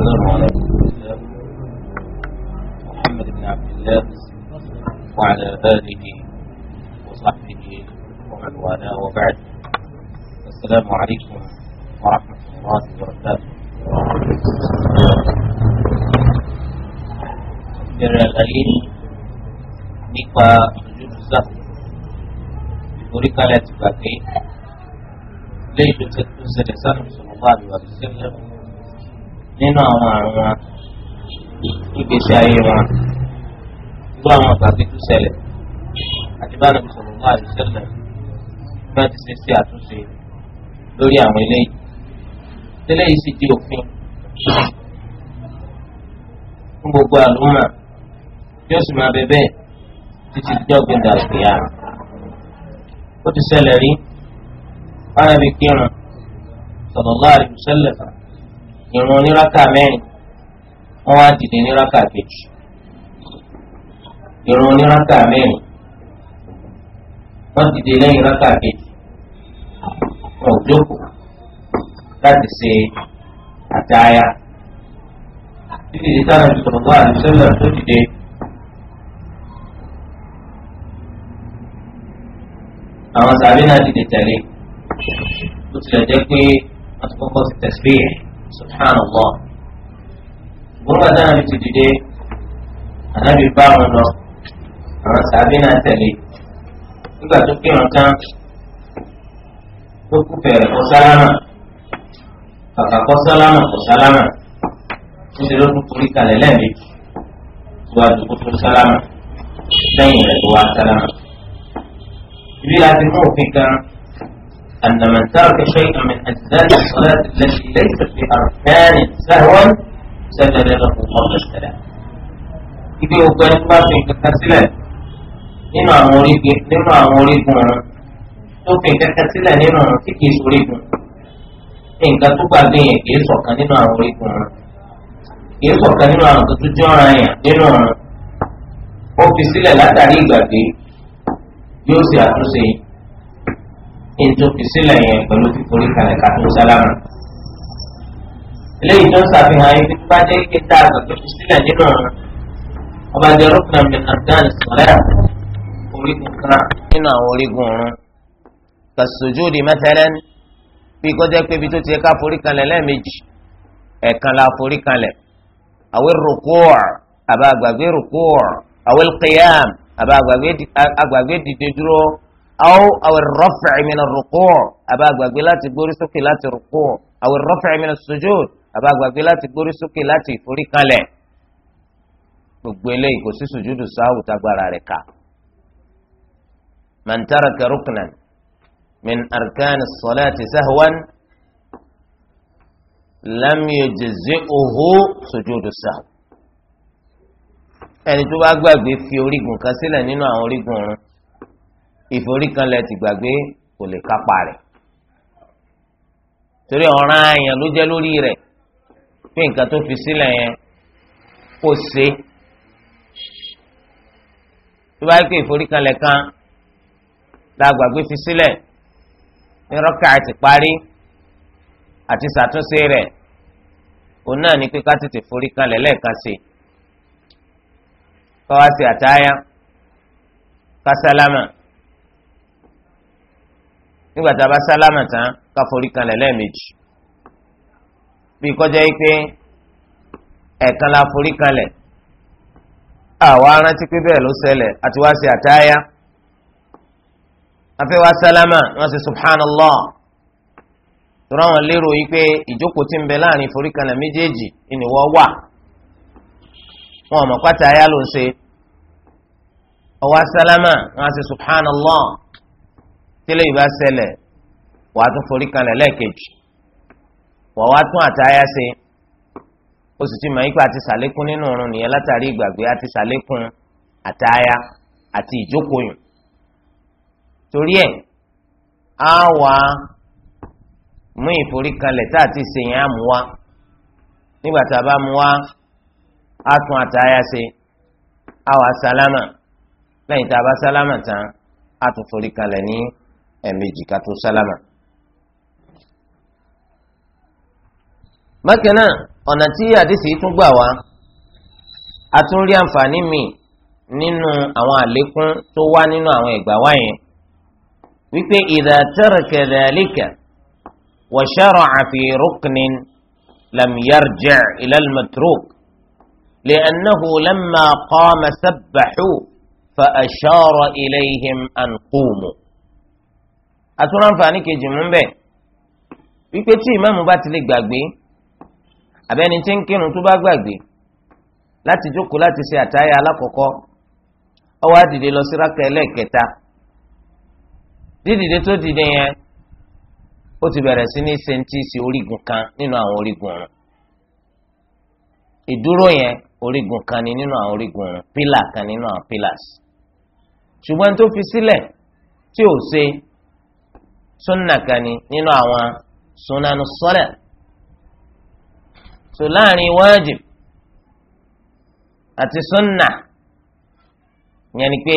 والسلام على محمد بن عبد الله وعلى آله وصحبه ومن والاه وبعد السلام عليكم ورحمة الله وبركاته Bẹ̀rẹ̀ àlàyé nípa ojúlùsà ìforíkalẹ̀ àti gbàgbé lẹ́yìn tó ti tún nínú àwọn àrùn wọn ìgbésí ayé wọn gbọ́ àwọn àgbàgbé tó ṣẹlẹ̀ àti bá nàbì sọ̀rọ̀ wá àdìsẹ́lẹ̀ bá ti ṣe sí àtúnṣe lórí àwọn eléyìí tẹ́lẹ̀ yìí sì di òfin fún gbogbo àlùmọ̀ bí ó sì máa bẹ bẹ́ẹ̀ títí di ọ̀gbìn dàgbìyà ó ti ṣẹlẹ̀ rí wọn àbí kírun sọ̀rọ̀ wá àdìsẹ́lẹ̀ kan ìrun oníraka mẹ́rin wọ́n wá dìde níraka kejì ìrun oníraka mẹ́rin wọ́n dìde lẹ́yìn raka kejì wọ́n jókòó láti ṣe àtàyà títí di sáà ju sọ̀rọ̀ àdìsẹ́lẹ̀ tó dìde. àwọn sàbí náà dìde tẹ̀lé ó tilẹ̀ jẹ́ pé wọ́n ti kọ́kọ́ ti tẹ̀sí bẹ́ẹ̀ subhanallah gbogbo àdáhà ti dìde ànábì bá wọn lọ àwọn sàbí náà tẹ̀lé nígbà tó pé wọn tán tó kú bẹ̀rẹ̀ kó sálámà kàkà kó sálámà kó sálámà níṣẹ́ ló tún forí kalẹ̀ lẹ́ẹ̀mejì tó wá dùkú tó sálámà lẹ́yìn rẹ̀ tó wá sálámà. ibi láti mú òfin kan. أن من ترك شيئا من أجزاء الصلاة التي ليست في أركان سهوا سجد له الله السلام إذا أبدأت ما شيء في التسلة إن أموري في إن أموري هنا تو في التسلة إن أموري في كي سوري هنا إن كتو قادمي كي سوكا إن أموري هنا كي سوكا إن أموري كتو جوانا يا إن أموري وفي سلة لا تاريخ بي يوسي أتو سيئ ètò ìsílẹ̀ yẹn pẹ̀lú fíforí kalẹ̀ kátó sálámù. eléyìí tó ń ṣàfihàn ibi tó bá jẹ́ ike tá a gbàgbé ìsílẹ̀ nínú ọ̀run ọba jẹ́ rúkúnà mi afghan sọ̀rẹ́ orígun kan nínú àwọn orígun ọ̀run kàṣojóde mẹ́tẹ́rẹ́ni bí kọjá pé ibi tó ti ká forí kalẹ̀ lẹ́ẹ̀mejì ẹ̀kan la forí kalẹ̀ àwọn rukúọ̀ àbá àgbàgbé rukúọ̀ àwọn qiyam àbá àgbàgbé dìde dúró aw awẹ rọfẹ mina rukú àbá gbàgbé láti gbórí sókè láti rukú awẹ rọfẹ mina sujud àbá gbàgbé láti gbórí sókè láti ìforíkalẹ̀ gbogbo eléyìí kò sí sùjúdù sáwù tágbára rẹ̀ ká man taraka ruknan min arkani salati sahwan lam yajzi'uhu sùjúdù sáwù ẹni tó bá gbàgbé fi orígun kan sílẹ̀ nínú àwọn orígun ọ̀run ìforíkanlẹ̀ ti gbàgbé kò lè kápá rẹ̀ torí ọ̀ràn àyàn ló jẹ́ lórí rẹ̀ pé nǹkan tó fi sílẹ̀ yẹn kò ṣe tó bá yẹ kó ìforíkanlẹ̀ kan tá a gbàgbé fi sílẹ̀ ní rọ́kà àti parí àti ṣàtúnṣe rẹ̀ òun náà ní pé ká tètè forí kanlẹ̀ lẹ́ẹ̀kan sí i ká wá sí àtáyá ká sálámà. nígbà bá sálámà tán ká forí kanlẹ̀ lẹ́ẹ̀mejì bí kọjá yìí pé ẹ̀ẹ̀kan la forí kanlẹ̀ àwa arántí pé bẹ́ẹ̀ ló sẹlẹ̀ àti wá sí àtáyá afẹ́ wá sálámà wọ́n sì subhanallah tọ́ra wọn lérò yìí pé ìjókòó ti ń bẹ láàrin forí kanlẹ̀ méjèèjì ìnìwọ́ wà wọn ò mọ̀ pátá tílé ìbá ṣẹlẹ̀ wàá tún forí kanlẹ̀ lẹ́ẹ̀kejì wàá wá tún àtàyà ṣe ó sì ti mọ̀ yípa àti sàlékún nínú ọ̀run nìyẹn látàrí ìgbàgbé àti sàlékún àtàyà àti ìjókòyùn torí ẹ̀ á wà mú ìforí kanlẹ̀ tá a ti ṣe yẹn á mú wa nígbà tá a bá mú wa á tún àtàyà ṣe á wà sálámà lẹ́yìn tá a bá sálámà tán á tún forí kanlẹ̀ ní ẹ̀ẹ̀mejì ká tó sálámà. bákan náà ọ̀nà tí àdìsí tún gbà wá a tún rí àǹfààní míì nínú àwọn àlékún tó wá nínú àwọn ìgbà wáyẹn wípé idha taraka dhalika wa shara'a fi ruknin lam yarji' lamma qama sabbahu fa ashara ilayhim an qumu àtúnráǹfààní kejì mú bẹ́ẹ̀ wípé tí ìmáàmù bá ti lè gbàgbé àbẹ́ni tí ń kírun tó bá gbàgbé láti jókòó láti ṣe àtàyà alákọ̀ọ́kọ́ ó wá dìde lọ sí rákà ẹlẹ́ẹ̀kẹta dídìde tó dìde yẹn ó ti bẹ̀rẹ̀ sí ní sẹ́ńtíìsì orígun kan nínú àwọn orígun ọ̀run ìdúró yẹn orígun kan ni nínú àwọn orígun ọ̀run pílà kan nínú àwọn pílàs ṣùgbọ́n tó fi sílẹ̀ tí ò ṣe súnà kan ni nínú àwọn súnánù sọ́lẹ̀ tó láàrin wájib àti súnà yẹn ni pé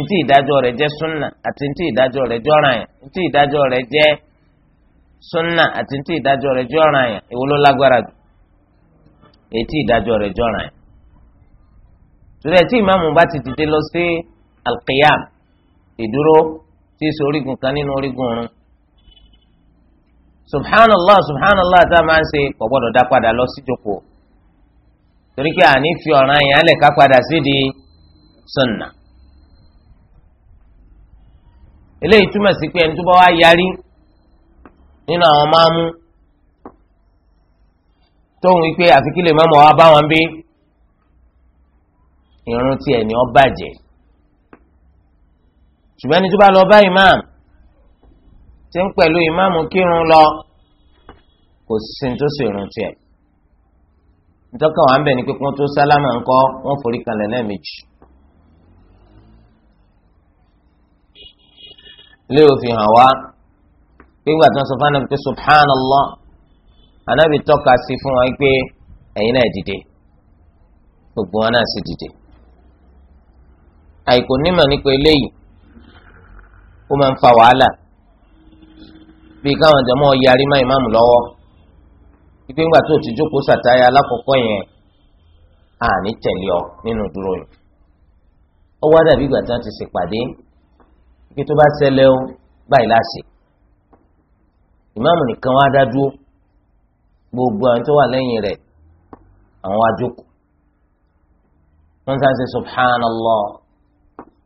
ntí ìdájọ́ rẹ̀ jẹ́ súnà àti ntí ìdájọ́ rẹ̀ jẹ́ ọ̀ranyàn ntí ìdájọ́ rẹ̀ jẹ́ súnà àti ntí ìdájọ́ rẹ̀ jẹ́ ọ̀ranyàn èwo ló lágbára jù ètí ìdájọ́ rẹ̀ jẹ́ ọ̀ranyàn. torí ẹ̀ tí ìmáàmù bá ti dìde lọ sí alqiyam ìdúró tí í ṣe orígun kan nínú orígun ọ̀run subhanallah subhanallah tá a máa ń ṣe kò gbọ́dọ̀ dá padà lọ sí jókòó torí pé àní fi ọ̀ràn yẹn lẹ̀ ká padà sí di sunna eléyìí túmọ̀ sí pé ẹni tó bá wá yarí nínú àwọn máa mú tóun wípé àfikílè mọ́mọ́ wa bá wọn bí irun tiẹ̀ ni ó bàjẹ́ ṣùgbọ́n ẹni tó bá lọ bá imam tí ń pẹ̀lú imam kírun lọ kò sí ní tó sì rún tiẹ̀ ntọ́kàn wà ń bẹ̀ ni pé kí wọ́n tó sálámà ńkọ́ wọ́n forí kalẹ̀ lẹ́ẹ̀mejì. lé òfin hàn wá gbígbà tó ń sọ fún anabi subhanallah anabi tọ́ka sí fún wa pé ẹ̀yin náà dìde gbogbo wọn náà sì dìde àìkò nímọ̀ nípa eléyìí ó máa ń fa wàhálà bíi káwọn jọmọ yarí má ìmáàmù lọ́wọ́ ìpín gbà tó ti jókòó sàtáyà alákọ̀ọ́kọ́ yẹn àní tẹ̀lé ọ nínú dúró yìí ó wá dàbí ìgbà tí wọ́n ti ṣèpàdé kí tó bá ṣẹlẹ̀ ó báyìí láṣẹ ìmáàmù nìkan wá dá dúró gbogbo àwọn tó wà lẹ́yìn rẹ̀ àwọn adjókòó wọ́n sá ṣe subhanallah.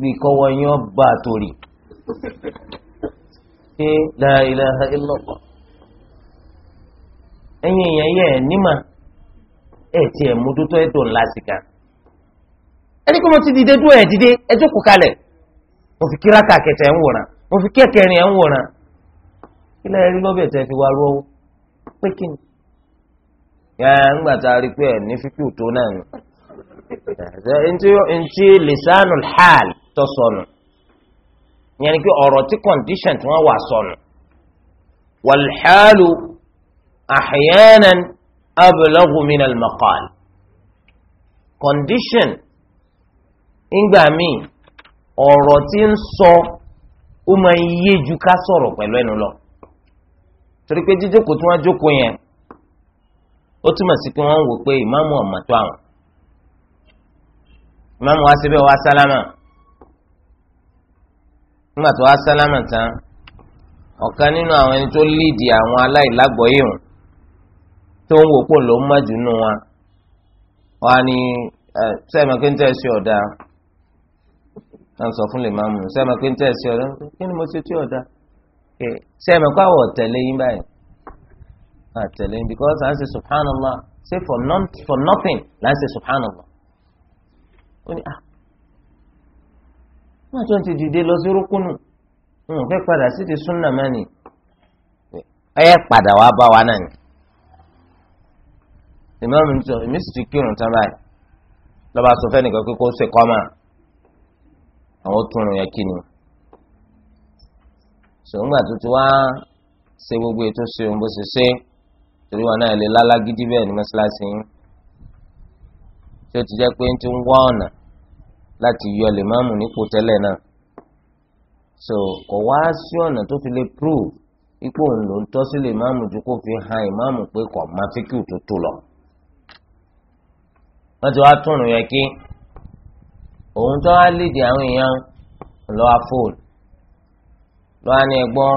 bí kọ́wọ́ yín ó bá a torí ṣé la ilaha illallah ẹ̀yin èèyàn yẹ ẹ̀ nímà ẹ̀ tiẹ̀ mójútó ẹ̀ dùn lásìkò ẹni kí mo ti dìde dúró ẹ̀ dìde ẹ jókòó kalẹ̀ mo fi kíráka kẹta ẹ̀ ń wòran mo fi kẹ́kẹ̀rin ẹ̀ ń wòran kí lẹ́yìn rí lọ́bẹ̀ tẹ́ fi wá rọ́wọ́ pé kí ni. ẹ̀ ń gbà tá a rí pé ẹ̀ ní fífi òtó náà ni ntí ntí lisanul hal tó sọnù yẹn ni pé ọ̀rọ̀ tí condition tí wọ́n wà sọnù walḥalu ahyanan ablagu minal maqal condition ńgbà míì ọ̀rọ̀ tí ń sọ ó máa ń yé ju ká sọ̀rọ̀ pẹ̀lú ẹnu lọ torí pé jíjókòó tí wọ́n jókòó yẹn ó túmọ̀ sí pé wọ́n ń wò pé ìmáàmù ọ̀mọ̀tọ́ àwọn ìmáàmù wa síbẹ̀ wá sálámà nígbà tó wá sálámà tán ọ̀kan nínú ẹni tó líìdì àwọn aláìlágbọ̀ọ́yè hàn tó ń wò wa wa ni sẹ́mi kí n tẹ́ sí ọ̀dà náà sọ fún lè máa mú kí n kí ni mo ṣe tí ọ̀dà sẹ́mi kó àwọ̀ tẹ̀lé yín báyìí àtẹ̀lé yín because à ń ṣe subhanallah say for nothing là ń ṣe subhanallah. ó ní à wọn àti wọn ti dìde lọ sí rúkúnù wọn ò fẹ́ padà sí ti súnà máa nì ẹ padà wá bá wa náà ni ìmáàmù ní sọ èmi sì ti kírun tán báyìí lọ́ba sọ fẹ́ nìkan kíkó ṣe kọ́mà àwọn túnrun yẹn kí ni sòǹgbà tó wá ṣe gbogbo ètò ṣe òun bó ṣe ṣe torí wọn náà lè lálágídí bẹ́ẹ̀ ní mọ́ṣáláṣí yín. tó ti jẹ́ pé ń ti wá ọ̀nà láti yọ lèmáàmù nípò tẹ́lẹ̀ so kò wá sí ọ̀nà tó fi lè prove ipò òun ló ń tọ́ sí lèmáàmù ju kó fi han ìmáàmù pé kò má fíkì tó tó lọ. wọ́n ti wá túnrun yẹn kí òun tó wá lédè àwọn èèyàn lọ́wọ́ fóòl lọ́wọ́ ní ẹgbọ́n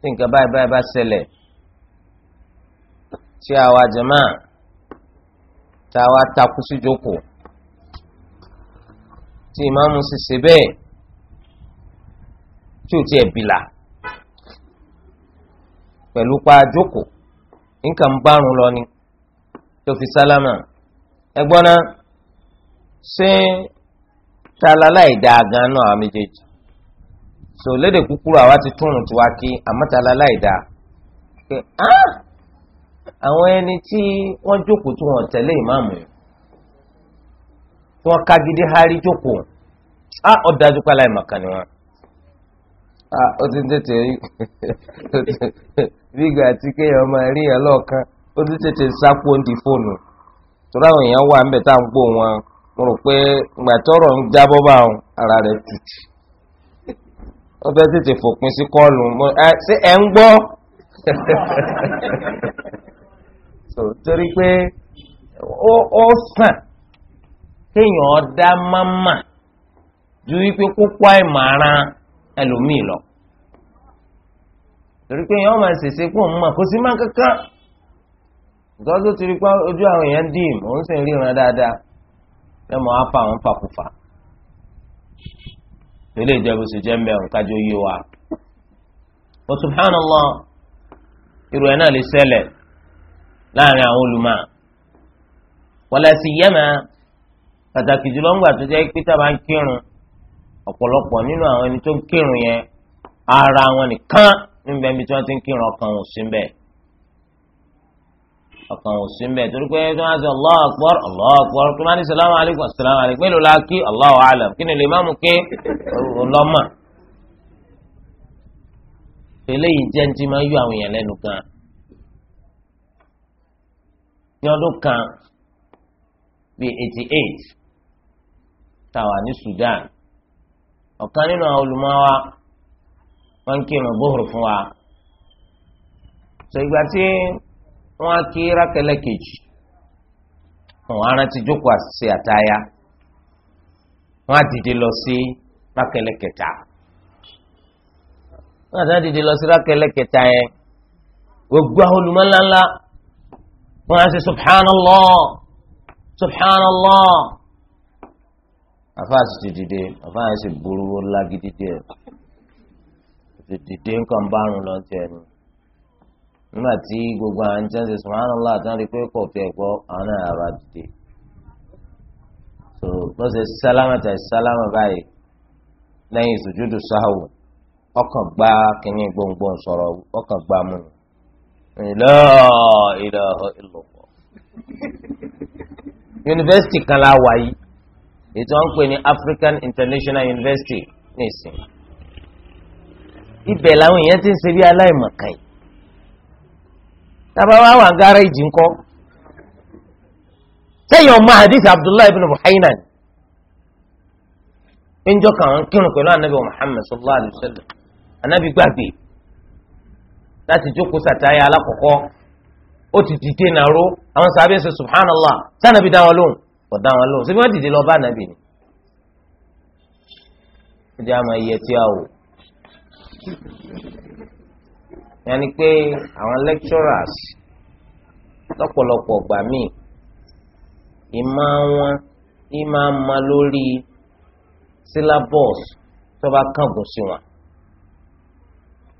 tí nǹkan báyìí báyìí bá ṣẹlẹ̀ tá a wá takú sí jókòó tí ìmáàmù sì ṣe bẹ́ẹ̀ tí ò tiẹ̀ bìlà pẹ̀lú pa jókòó nǹkan ń bárun lọ ni tó fi sálámà ẹgbọ́n náà ṣé tala láì dáa gan náà àwọn méjèèjì so lédè kúkúrú àwa ti túrun tiwa kí àmọ́ tala láì dáa àwọn ẹni tí wọ́n jókòó tí wọ́n tẹ̀lé ìmáàmù yìí wọ́n jókòó a ah, ọ̀dájú pálá ìmọ̀kan ni wọ́n. Ah, ó ti tètè rí àti kéèyàn máa rí ti tètè sápò ní fóònù torí àwọn èèyàn wà níbẹ̀ tá à ń wọn mo rò pé ń jábọ́ bá wọn ara rẹ̀ tutù ó fẹ́ tètè fòpin sí kọ́ọ̀lù ah, ṣé ẹ ń gbọ́. so torí pé ó ó sàn kéèyàn ọ̀dá máma ju wípé kókó àìmọ̀ràn ẹlòmíì lọ torí pé èèyàn máa ṣèṣe kó ń mọ̀ kó sí máa kankan nǹkan tó ti rí pé ojú àwọn èèyàn dìm òun sì ríran dáadáa lẹ́mọ̀ á fa àwọn fàkùfà ilé ìjọba oṣù jẹ́ mẹ́rin kájọ yé wa wa irú láàrin àwọn olùmọ̀ wala siyama pàtàkì jùlọ ńgbà tó jẹ́ pé tá a bá ń kírun ọ̀pọ̀lọpọ̀ nínú àwọn ẹni tó ń kírun yẹn ara wọn nìkan níbi ẹni tí wọ́n ti ń kírun ọkàn wọn sí mbẹ́ ọkàn wọn sí mbẹ́ torí pé tí wọ́n á sọ Allahu Akbar Allahu tí wọ́n á ní salamu alaykum salamu mélòó la kí Allahu alam kí ni lè má mú ké ọlọ́mà eléyìí jẹ́ ní ti máa yọ àwọn èèyàn lẹ́nu gan-an ní ọdún kan bíi eighty eight tàwa ní Sudan ọ̀kan nínú àwọn olùmọ́wá wọ́n ń kírun bóhùrù fún wa sọ ìgbà tí wọ́n á kí rákẹ́lẹ́ kejì wọ́n á rántí jókòó àṣìṣe àtayá wọ́n á dìde lọ sí rákẹ́lẹ́ kẹta wọ́n á dìde lọ sí rákẹ́lẹ́ kẹta yẹn gbogbo àwọn olùmọ́ ńláńlá wọ́n á ṣe subhanallah subhanallah afa sì ti dìde afa yẹn sì burú ńlá gidi díẹ̀ ti dìde nǹkan bárun lọ tiẹ̀ ni nígbà tí gbogbo àwọn jẹ́ ṣe subhanallah àti wọ́n rí pé kò tiẹ̀ gbọ́ àwọn náà ara dìde so bó ṣe sálámà tàì sálámà báyìí lẹ́yìn ìsùjúdù sáhù ọkàn gbá kínní gbòǹgbòǹ sọ̀rọ̀ ọkàn gbá mu ni la ilaha illallah yunifásitì kan la wà yìí ètò wọn ń pè ní African International University nìsín ibẹ̀ làwọn èèyàn ti ń ṣe bí aláìmọ̀kan yìí tábà wà wà gárẹ́jì ńkọ́ sẹ́yìn ọmọ hadith Abdullahi ibn Buhaynan ń jọ kàn án kírun pẹ̀lú anabi Muhammad sallallahu alayhi wa sallam anabi gbàgbé láti jókòó sàtáyà alákọ̀ọ́kọ́ ó ti dìde nàró àwọn sábẹ́ ṣe subhanallah sànàbí dá wọn lóhùn kò dá wọn lóhùn síbi wọn dìde lọ bá nàbì ni. ó jẹ́ àmọ́ iye tí a wò. yàní pé àwọn lecturers lọ́pọ̀lọpọ̀ gbà míì ìmọ̀ wọn ìmọ̀ ma lórí syllabus tó bá kángun sí wọn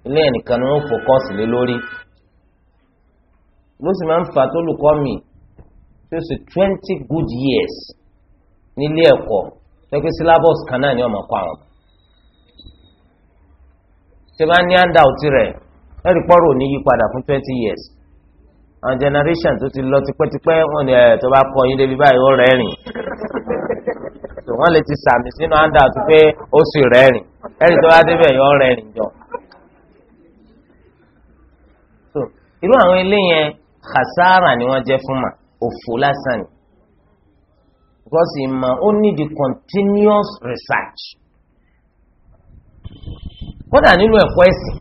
ilé ẹnìkan ni wọ́n fòkọ́sì lé lórí ló sì máa ń fa tólùkọ́ mi tó sì twenty good years nílé ẹ̀kọ́ tẹ́kẹ́ syllabus kan náà ni ọmọ kọ́ àwọn. ṣé bá ní handout rẹ̀ ẹ̀rí pọ́rọ̀ ní yípadà fún twenty years àwọn generation tó ti lọ tipẹ́tipẹ́ wọn ni ẹ̀ tó bá kọ́ yín débi báyìí ó rẹ́rìn wọ́n lè ti sàmì sínú handout pé ó sì rẹ́rìn ẹ̀rí tó bá débẹ̀ yọ rẹ́rìn jọ. irú àwọn eléyẹn khasara ni wọ́n jẹ́ fún mà òfò lásán ni because ìmọ̀ ó ní the continuous research kódà nínú ẹ̀kọ́ ẹ̀sìn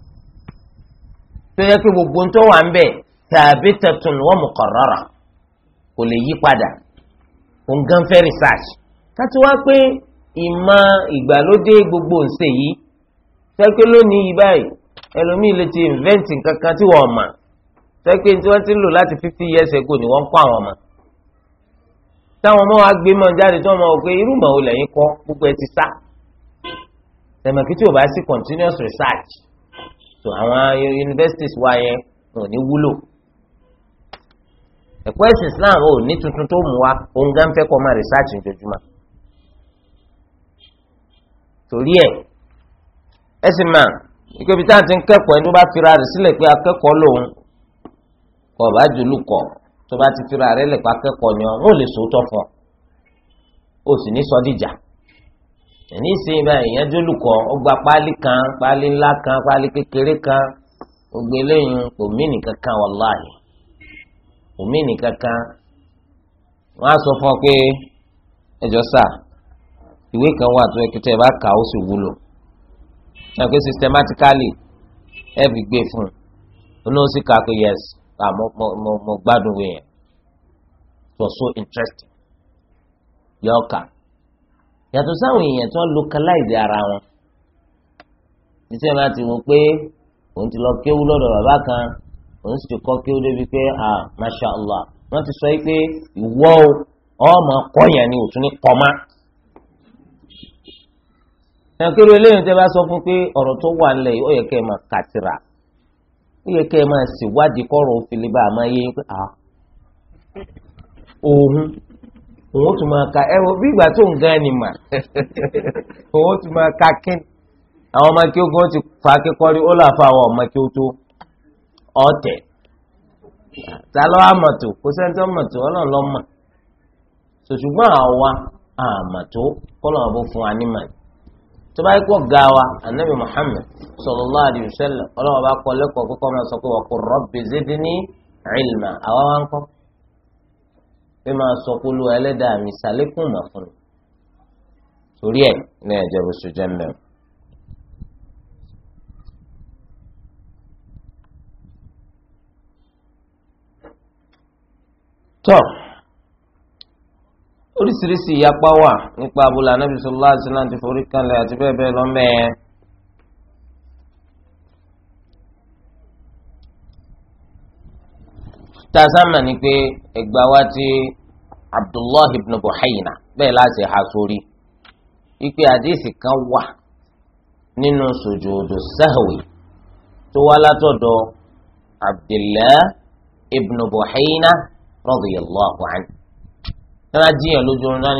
tó yẹ pé gbogbo ń tó wà ń bẹ̀ tàbí tẹ̀tùn wa muqarrara kò lè yí padà kò ń gan fẹ́ research kátó wá pé ìmọ̀ ìgbàlódé gbogbo ń ṣe yìí tẹ́pẹ́ lónìí yìí báyìí ẹlòmíì lè ti invent nǹkan kan tí wọ́n mọ̀ sẹ́kẹ́ tí wọ́n ti lò láti fifty years ago ni wọ́n kọ́ àwọn ọmọ táwọn ọmọ wa gbé mọ́ jáde tí wọ́n mọ̀ pé irú màá wò lẹ́yìn kọ́ gbogbo ẹ ti sá tẹ̀mọ̀kì tí o bá sí continuous research so àwọn universities wa yẹn wọn ò ní wúlò ẹ̀kọ́ ẹ̀sìn Islam ò ní tuntun tó mú wa òun gan fẹ́ kọ́ máa research ojoojúmọ́ torí ẹ̀ ẹ̀sìn máa ìkébí tá à ń ti kẹ́kọ̀ọ́ ẹni tó bá fira rẹ̀ sílẹ̀ pé akẹ́kọ̀ọ́ lòun ọba jùlùkọ tó bá ti fira rẹ lẹpa kẹ́kọ̀ọ́ ni wọn ò lè sòótọ́ fún o sì ní sọdíjà ẹni ìsìn báyìí ìyẹn jùlùkọ ó gba páálí kan páálí ńlá kan páálí kékeré kan gbogbo eléyìí kò mí nìkan kan wàláhì kò nìkan kan wọn á sọ fún ọ pé ẹjọ sà ìwé kan wà tó ẹkẹtẹ ẹ bá kà ó sì wúlò ẹ pé systematically ẹ fi gbé e fún un ó náà sì kà pé yes Ah, mo mo mo mo gbádùn wẹ̀ it was so interesting yọ yàtọ̀ sáwọn èèyàn ara wọn títí máa ti wò pé òun ti lọ kéwú lọ́dọ̀ bàbá kan òun sì ti kọ́ kéwú débi pé ah, masha allah wọ́n ti sọ yìí pé ọ ọmọ kọ́yàn ni òtún ní kọ́má. eléyìí tẹ́ bá sọ fún pé ọ̀rọ̀ tó wà yìí ó yẹ kẹ́ ó yẹ kẹ́ ẹ máa ṣèwádìí kọ́rọ̀ òfìlẹ̀ bá a máa yé pé à òun òun tún máa ka ẹ̀rọ bí ìgbà tó ń gan ni mà òun tún máa ka kí àwọn ọmọ kí ogun ti fa kíkọ́rí ó làfa àwọn ọmọ kí ó tó ọ̀tẹ̀ ta lọ́ àmọ̀tò kó sẹ́ńtọ́ mọ̀tò ọlọ́run lọ́ ṣùgbọ́n àwa àmọ̀tò kọ́lọ́run bó fún wa ní màdì tó bá yẹ kó ga wa anabi muhammed sallallahu alayhi wa sallam ọlọ́wọ́ bá kọ́ lẹ́kọ̀ọ́ kókó máa sọ pé wà qul rabbi zidni ilma àwa wá ń kọ́ bí máa sọ pé olú ẹlẹ́dàá mi sàlékún mà fún mi torí ẹ̀ ní ẹ̀jẹ̀ bó ṣe jẹ́ mẹ́rin. tọ́ oríṣiríṣi ìyapa wà nípa abúlé anabi sọlá àṣìlá ti forí kanlẹ̀ àti bẹ́ẹ̀ bẹ́ẹ̀ lọ mẹ́ẹ̀. tazama ni pé ẹgbàá wa ti abdullahi ibn buhayna bẹ́ẹ̀ láti ha sórí ipe àdéhìsì kan wà nínú sòjòdò sahwi tó wá látọ̀dọ̀ abdullahi ibn buhayna radiyallahu anhu. náà jíyàn lójú oorun náà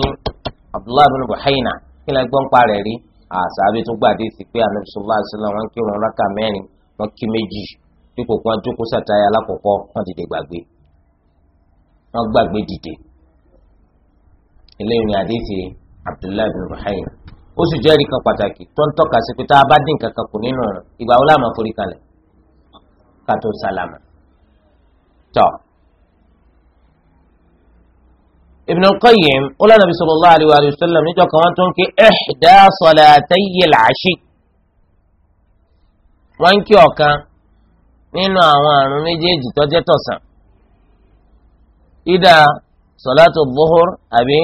abdullahi bin buhaina kí lè gbọ́n parẹ̀ rí àṣàbí tó gbàdé sí pé anabi sallallahu alaihi wasallam wọn rákà mẹ́rin wọn kí méjì dípò jókòó sàtáyà alákọ̀ọ́kọ́ wọn dìde gbàgbé abdullahi bin buhaina ó sì jẹ́rìí kan pàtàkì tó ń tọ́ka sí pé tá a bá dín kankan kù nínú ìgbà Ibn al-Qayyim ó lánàá bí sallallahu alayhi wa sallam níjọ́ kan wọ́n tún kí ihda salatayy al-ashi wọ́n ń kí ọ̀kan nínú àwọn àrùn méjèèjì tó jẹ́ tọ̀sán ìdá sọ̀látù dhuhur àbí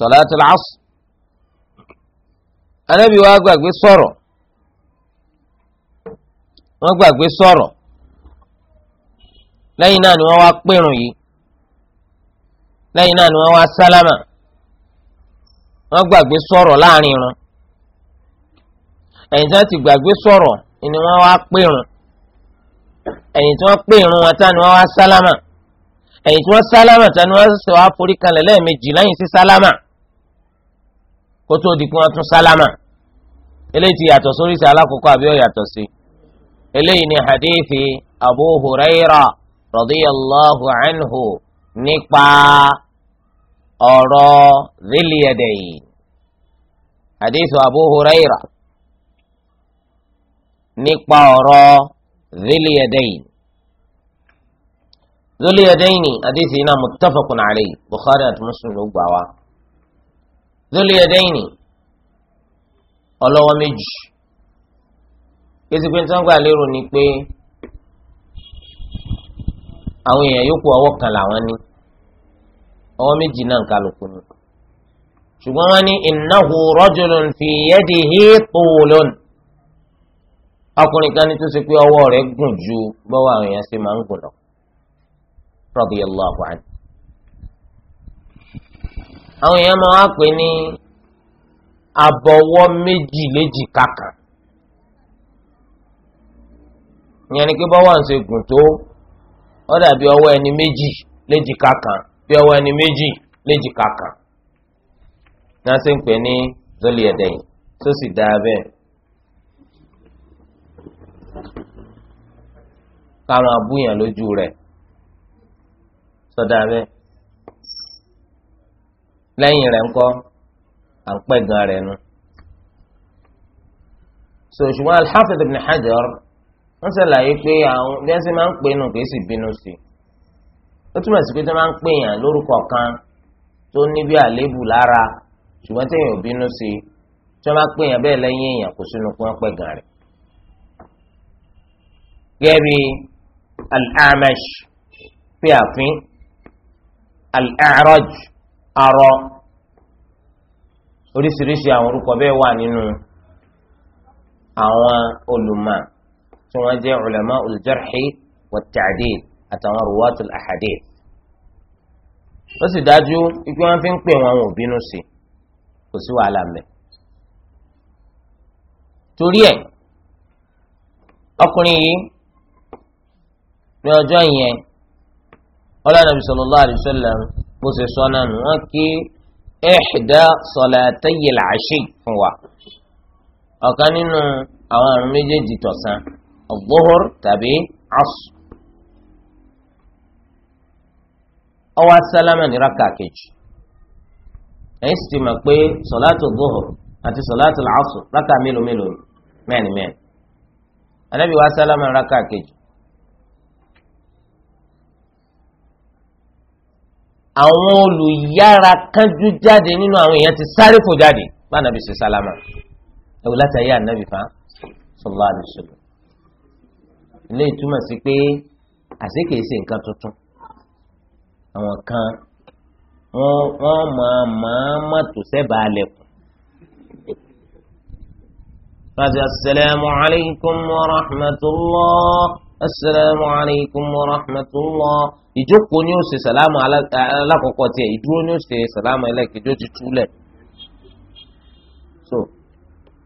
sọ̀látù al-asr wa gbàgbé sọ̀rọ̀ wọ́n gbàgbé sọ̀rọ̀ lẹ́yìn náà ni wọ́n wá pèrún yìí lẹ́yìn náà ni wọ́n wá sálámà wọ́n gbàgbé sọ̀rọ̀ láàrin irun ẹ̀yìn tí wọ́n ti gbàgbé sọ̀rọ̀ ni wọ́n wá pé irun ẹ̀yìn tí wọ́n pé irun wọn salama ni wọ́n wá sálámà ẹ̀yìn tí wọ́n sálámà tán ni wọ́n sọ wá forí lẹ́ẹ̀mejì lẹ́yìn sí sálámà kó tó di pé ti yàtọ̀ sórí sí alákòókò àbí yàtọ̀ sí eléyìí ni hadithi Abu Huraira radiyallahu anhu. nípa ọ̀rọ̀ ziliyadẹ́yì hadith abu huraira nípa ọ̀rọ̀ ziliyadẹ́yì ziliyadẹ́yì hadith iná muttafaqun alayhi bukhari àti muslim ló gbà wá ziliyadẹ́yì ọlọ́wọ́ méjì kí ẹsẹ̀ tí wọ́n gbà lérò ni pé. àwọn èèyàn yòókù ọwọ́ kan làwọn ní ọwọ́ méjì náà kálukú ni ṣùgbọ́n wọ́n ní innahu rajulun fi yadihi tulun ọkùnrin kan ní tó ṣe pé ọwọ́ rẹ̀ gùn ju bọ́wọ́ àwọn èèyàn ṣe máa ń gùn lọ radiyallahu àwọn èèyàn máa wá pè ní méjì léjì kàkà ìyẹn ó dàbí ọwọ́ ẹni méjì léjìká kan bí ọwọ́ ẹni méjì léjìká kan náà sì ń pè ní zoli ẹ̀dẹ̀yìn tó sì dáa bẹ́ẹ̀. káwọn abúyàn lójú rẹ̀ sọdá bẹ́ẹ̀ lẹ́yìn rẹ̀ ńkọ́ à ń pẹ́ gan rẹ̀ nu. so ṣùgbọ́n al-Hafiz ibn Hajar wọ́n ṣàlàyé pé àwọn bí wọ́n ṣe máa ń pè nù kìí sì bínú sí i ó túmọ̀ sí pé tí wọ́n máa ń pè yàn lórúkọ kan tó ní bí àléébù lára ṣùgbọ́n téèyàn ò bínú sí i tí wọ́n máa pè yàn bẹ́ẹ̀ lẹ́yìn èèyàn kò sínú pé wọ́n pẹ̀ gan rẹ̀. gẹ́bí al-amash pé àfin al-araj arọ oríṣiríṣi àwọn orúkọ bẹ́ẹ̀ wà nínú àwọn olùmọ̀ tí wọ́n jẹ́ ulama al-jarhi wat-ta'dil àtàwọn ruwatul ahadith. ó sì dájú ikú wọn fi ń pè wọn àwọn òbínú sí kò sí wàhálà mẹ́. torí ẹ̀ ọkùnrin yìí ní ọjọ́ yẹn ọlọ́nàbí sallallahu alaihi wasallam bó ṣe sọ náà nù wọ́n kí ihda salatayil ashi fún wa ọ̀kan nínú àwọn àrùn méjèèjì tọ̀sán. al tabi tàbí asr. ọwọ́ raka kejì ẹ̀yin sì ti mọ̀ pé sọ̀láàtù zuhur àti sọ̀láàtù asr raka mélòó mélòó mẹ́rin raka àwọn olùyára kánjú jáde nínú àwọn èèyàn ti sáré fò jáde bá anabi ṣe sálámà ẹ̀wù anabi fa sallallahu alaihi ilé ìtumọ̀ sí pé àṣé kìí ṣe nǹkan tuntun àwọn kan wọ́n máa máa má tò sẹ́bà alẹ́kùn. Fàṣẹ asalaamu alaykum wa rahmatulah asalaamu alaykum wa rahmatulah ìjókòó ni ó ṣe sàlámù alákọ̀ọ́kọ́ tiẹ̀ ìdúró ni ó ṣe sàlámù ẹlẹ́kẹ̀ẹ́jọ́ ti túlẹ̀.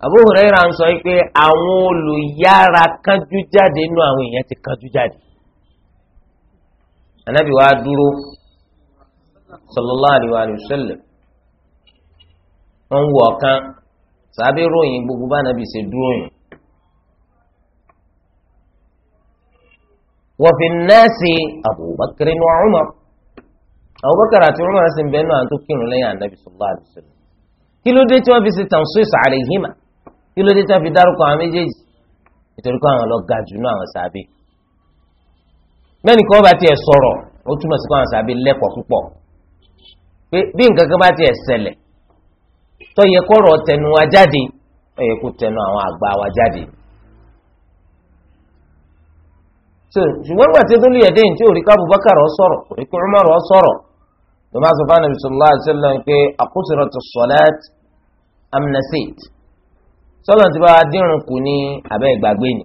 Abu Huraira ń sọ pé àwọn olùyára kánjú jáde nínú àwọn èèyàn ti kánjú jáde anabi wa dúró sallallahu alayhi wa sallam wọn wọ ọkan sàbí ròyìn gbogbo bá anabi ṣe dúró yìí. وفي الناس أبو بكر وعمر أبو بكر àti Umar sì ń bẹ nínú àwọn tó kírun lẹ́yìn anabi sallallahu alayhi wa sallam kí ló dé tí wọ́n fi ṣe tanṣis alayhima kí ló dé tí wọ́n fi dárúkọ àwọn méjèèjì nítorí kó àwọn lọ ga jù náà àwọn sàbí mẹ́nìkan bá tiẹ̀ sọ̀rọ̀ ó túmọ̀ sí kó àwọn sàbí lẹ́kọ̀ọ́ púpọ̀ pé bí nǹkan kan bá tiẹ̀ ṣẹlẹ̀ tó yẹ kọ́rọ̀ tẹnu wa jáde ó yẹ kó tẹnu àwọn àgbà wa jáde. ṣùgbọ́n nígbà tí ó lè yẹ̀dẹ́yìn tí òríkà Abubakar ọ sọ̀rọ̀ òríkà Umar ọ sọ̀rọ̀ tó máa sọ fún anabi sallallahu alaihi wasallam sọlọ ti bá wa dírun kù ní abẹ́ ìgbàgbé ni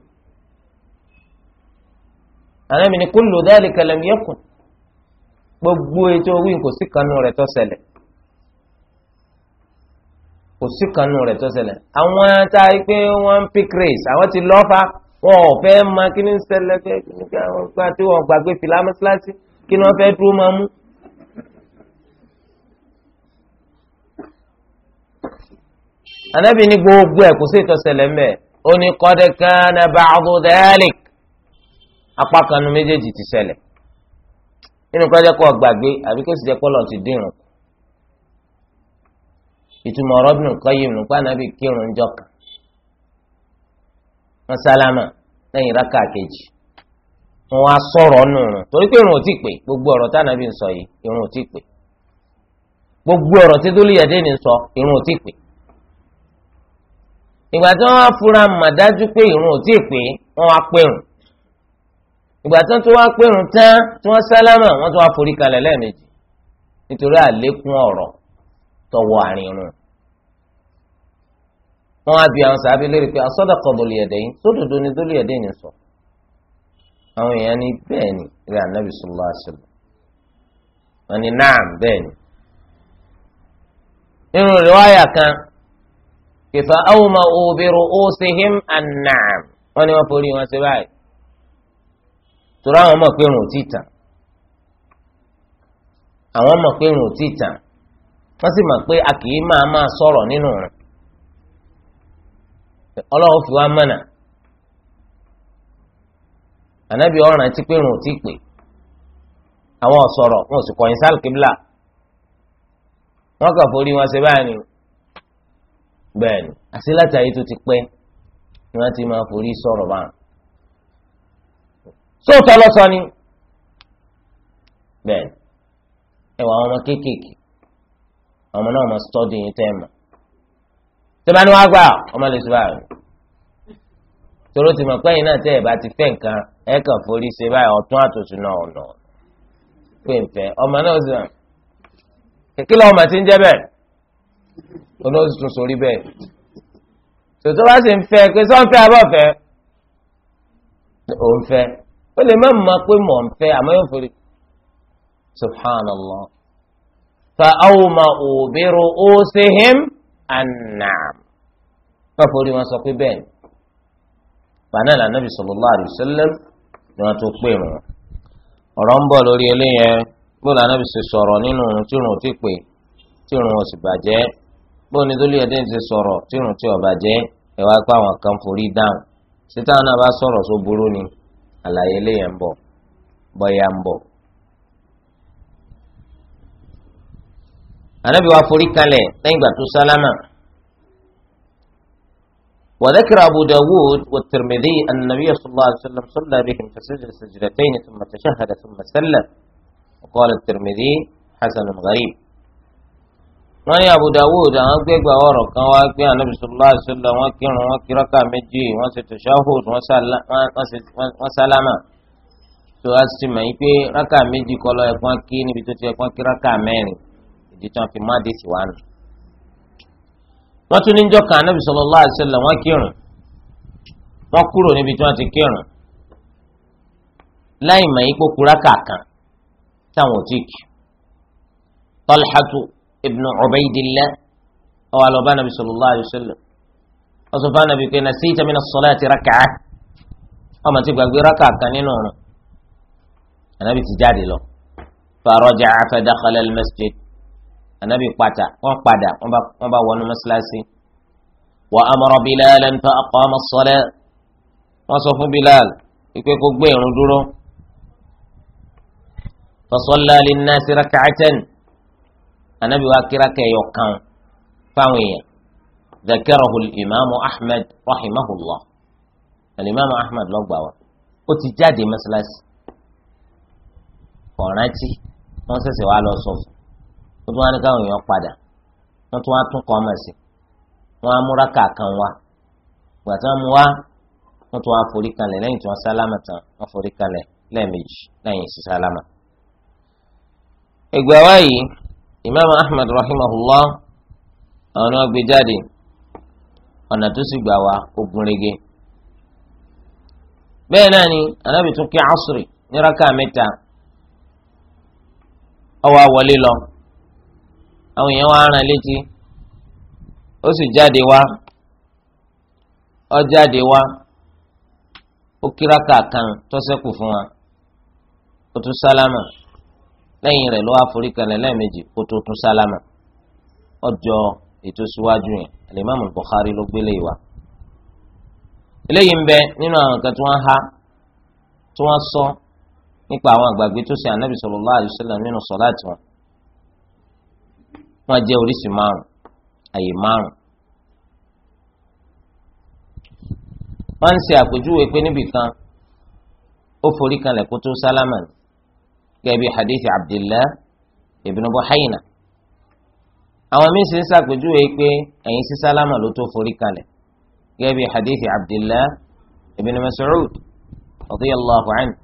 ànábì ní kullu dhalika lam yakun gbogbo ètò owó kò sí kanú rẹ̀ tó ṣẹlẹ̀ kò sí kanú rẹ̀ tó ṣẹlẹ̀ àwọn tá pé wọ́n ń pick race àwọn ti lọ́fà wọn ò fẹ́ máa kí ni ń ṣẹlẹ̀ fẹ́ kí ni ká wọn gbà tí gbàgbé fìlà mọ́sálásí kí ni wọ́n fẹ́ dúró máa mú anabi ni gbogbo ẹ̀ kò sí ìtọ́sẹ̀lẹ̀ mẹ́ ó ní kọ́dẹ́kánná báàbò dẹ́ẹ́lìk apá kanu méjèèjì ti ṣẹlẹ̀ nínú kọ́jẹ́ kọ́ gbàgbé àbí kó sì jẹ́ pọ́lọ̀ ti dín ìrùn ìtumọ̀ ọ̀rọ̀ Ibn yi nnukwu anabi kírun jọ wọn sálámà lẹ́yìn rákà kejì wọn á sọ̀rọ̀ nù rùn torí gbogbo ọ̀rọ̀ ń sọ yìí irun ò gbogbo ọ̀rọ̀ tí dúlíyàdé ni ń sọ irun ìgbà tí wọ́n wá fura mà dájú pé ìrun ò tí ì pé wọ́n wá pẹ̀rùn ìgbà tí wọn tún wá pẹ̀rùn tán tí wọ́n sálámà wọ́n tún wá forí kalẹ̀ lẹ́ẹ̀mejì nítorí àlékún ọ̀rọ̀ tọwọ́ àárín irun á bi àwọn sàbí lórí pé ni yìí sọ àwọn èèyàn ní ni rẹ̀ ànábì sọlá àṣẹlẹ̀ wọ́n ní náà ni rẹ̀ wáyà kan. ìfà àwùmọ̀ òbírò òsèhìm ànàm wọ́n ní wọ́n forí wọn ṣe báyìí torí àwọn mọ̀ pé irun ò àwọn pé irun a kì í máa máa sọ̀rọ̀ nínú rẹ̀ ọlọ́run fi wá mọ̀nà ànábì ti pé irun ò pè àwọn ọ̀sọ̀rọ̀ wọn ò sì kọ̀yìn sálùkìbìlà wọ́n kàn forí wọn ṣe báyìí nìyẹn. bẹ́ẹ̀ni àti látàyè tó ti pẹ ni wọ́n ti máa forí sọ̀rọ̀ bá sóòtọ́ lọ́sọ ni bẹ́ẹ̀ni ẹwà àwọn ọmọ kéékèèké ọmọ náà ọmọ sọ́ọ̀dì yìí tẹ́ ẹ̀ mọ̀ tẹ́bá ni wọ́n á gbà ọmọ lè ṣùgbọ́n àrùn tóró ti mọ̀ pé yìí náà bá ti fẹ́ nǹkan ẹ̀ kàn forí ṣe báyìí ọ̀tún àtòtún náà ọ̀nà pé nfẹ́ ọmọ náà ó sì kékeré ọmọ ti ń jẹ́ olóòtú tún sórí bẹ́ẹ̀ tòtò bá sì ń fẹ́ pé sọ́n fẹ́ abọ́fẹ́ òun fẹ́ ó lè má mọ pé mọ̀ ń fẹ́ àmọ́ yóò forí subhanallah fa awma òbírò ó ṣe him anam fáforí wọn sọ pé bẹ́ẹ̀ bàánà là nàbì sallallahu alaihi wasallam ni wọn tó pè wọn ọ̀rọ̀ ń bọ̀ lórí eléyẹn bó là nàbì sọ̀rọ̀ nínú tí òun ò ti pè tí òun ò sì bàjẹ́. bóni tó lè ẹdín ti sọ̀rọ̀ tí irun tí ọba jẹ́ ẹ wá pa àwọn kan forí dáhùn síta náà bá sọ̀rọ̀ tó burú ni àlàyé léyìn ń bọ̀ bọ́yá ń bọ̀. ànábì wa forí kalẹ̀ lẹ́yìn ìgbà tó sálámà. وذكر أبو داود والترمذي أن النبي صلى الله عليه وسلم صلى بهم فسجد سجدتين ثم تشهد ثم سلم وقال الترمذي حسن غريب wọ́n ní Abu Dawud àwọn gbẹgbà ọ̀rọ̀ kan wá gbé anabi sallallahu alaihi wọn kírun wọ́n kí méjì wọn ṣe tashahhud wọ́n sálámà tó a sì mọ̀ yí pé rákà méjì kí níbi tó ti ẹ̀kọ́ kí rákà mẹ́rin ìdí tí wọ́n fi má dé tún anabi kírun kúrò níbi tí ibn ubaydillah ọwọ alọba nabi sallallahu alayhi wa sallam ọsùn fún anabi pé nasita mina salati raka'a ọmọ ti gbàgbé raka kan nínú ọ̀ràn anabi ti jáde lọ faraja'a fa dakhala al-masjid anabi pata wọn padà wọn bá wọnú mọ́sálásí wa amara bilalan fa aqama as-salat wọn sọ fún bilal ìpè kó gbé dúró fa salla lin-nasi raka'atan anabi wa kiraka ẹyọ kan fáwọn èèyàn zakarahu imaamu ahmed rahimahullah alimami ahmed lọgbà wa ó ti jáde mẹsàlásì kọ̀ọ̀rántì wọ́n sẹ̀sẹ̀ wá lọ sọ fún wọ́n tún wá ní káwọn èèyàn padà wọ́n tún wá tún kọ́ ọmọ sí wọ́n kàkan wá gbàtà mu wá wọ́n tún wá forí kalẹ̀ lẹ́yìn tí wọ́n sálámà tán wọ́n forí kalẹ̀ lẹ́ẹ̀mejì lẹ́yìn sí ìgbà wáyìí. imam ahmed rahimahullah àwọn ni jáde ọ̀nà tó sì gbà wá ogun rege bẹ́ẹ̀ náà ni anabi tún kí asiri ní raka mẹ́ta ọwọ́ àwọlé lọ àwọn èèyàn wá rán létí ó sì jáde wá ó jáde wá ó kí raka kan tó ṣẹ́kù fún wa ó tún sálámà. lẹ́yìn rẹ̀ ló wá forí kalẹ̀ lẹ́ẹ̀mejì kó tó tún sálámà ọjọ́ ètò síwájú yẹn alimami Bukhari ló gbélé wa. eléyìí ń bẹ nínú àwọn nǹkan tí wọ́n há tí wọ́n sọ nípa àwọn àgbàgbé tó ṣe ànábì sallallahu alaihi wasallam nínú sọ̀láàtì wọn. wọ́n jẹ́ oríṣi márùn-ún àyè márùn-ún. wọ́n ń ṣe àpèjúwe pé níbìkan ó forí kalẹ̀ kó tó sálámà gẹ́gẹ́ bí hadith abdillah ibn buhayna àwọn míín sì ń ṣàpèjúwe pé ẹ̀yin sí sálámà ló tó forí kalẹ̀ gẹ́gẹ́ bí hadith abdillah ibn mas'ud radiyallahu anhu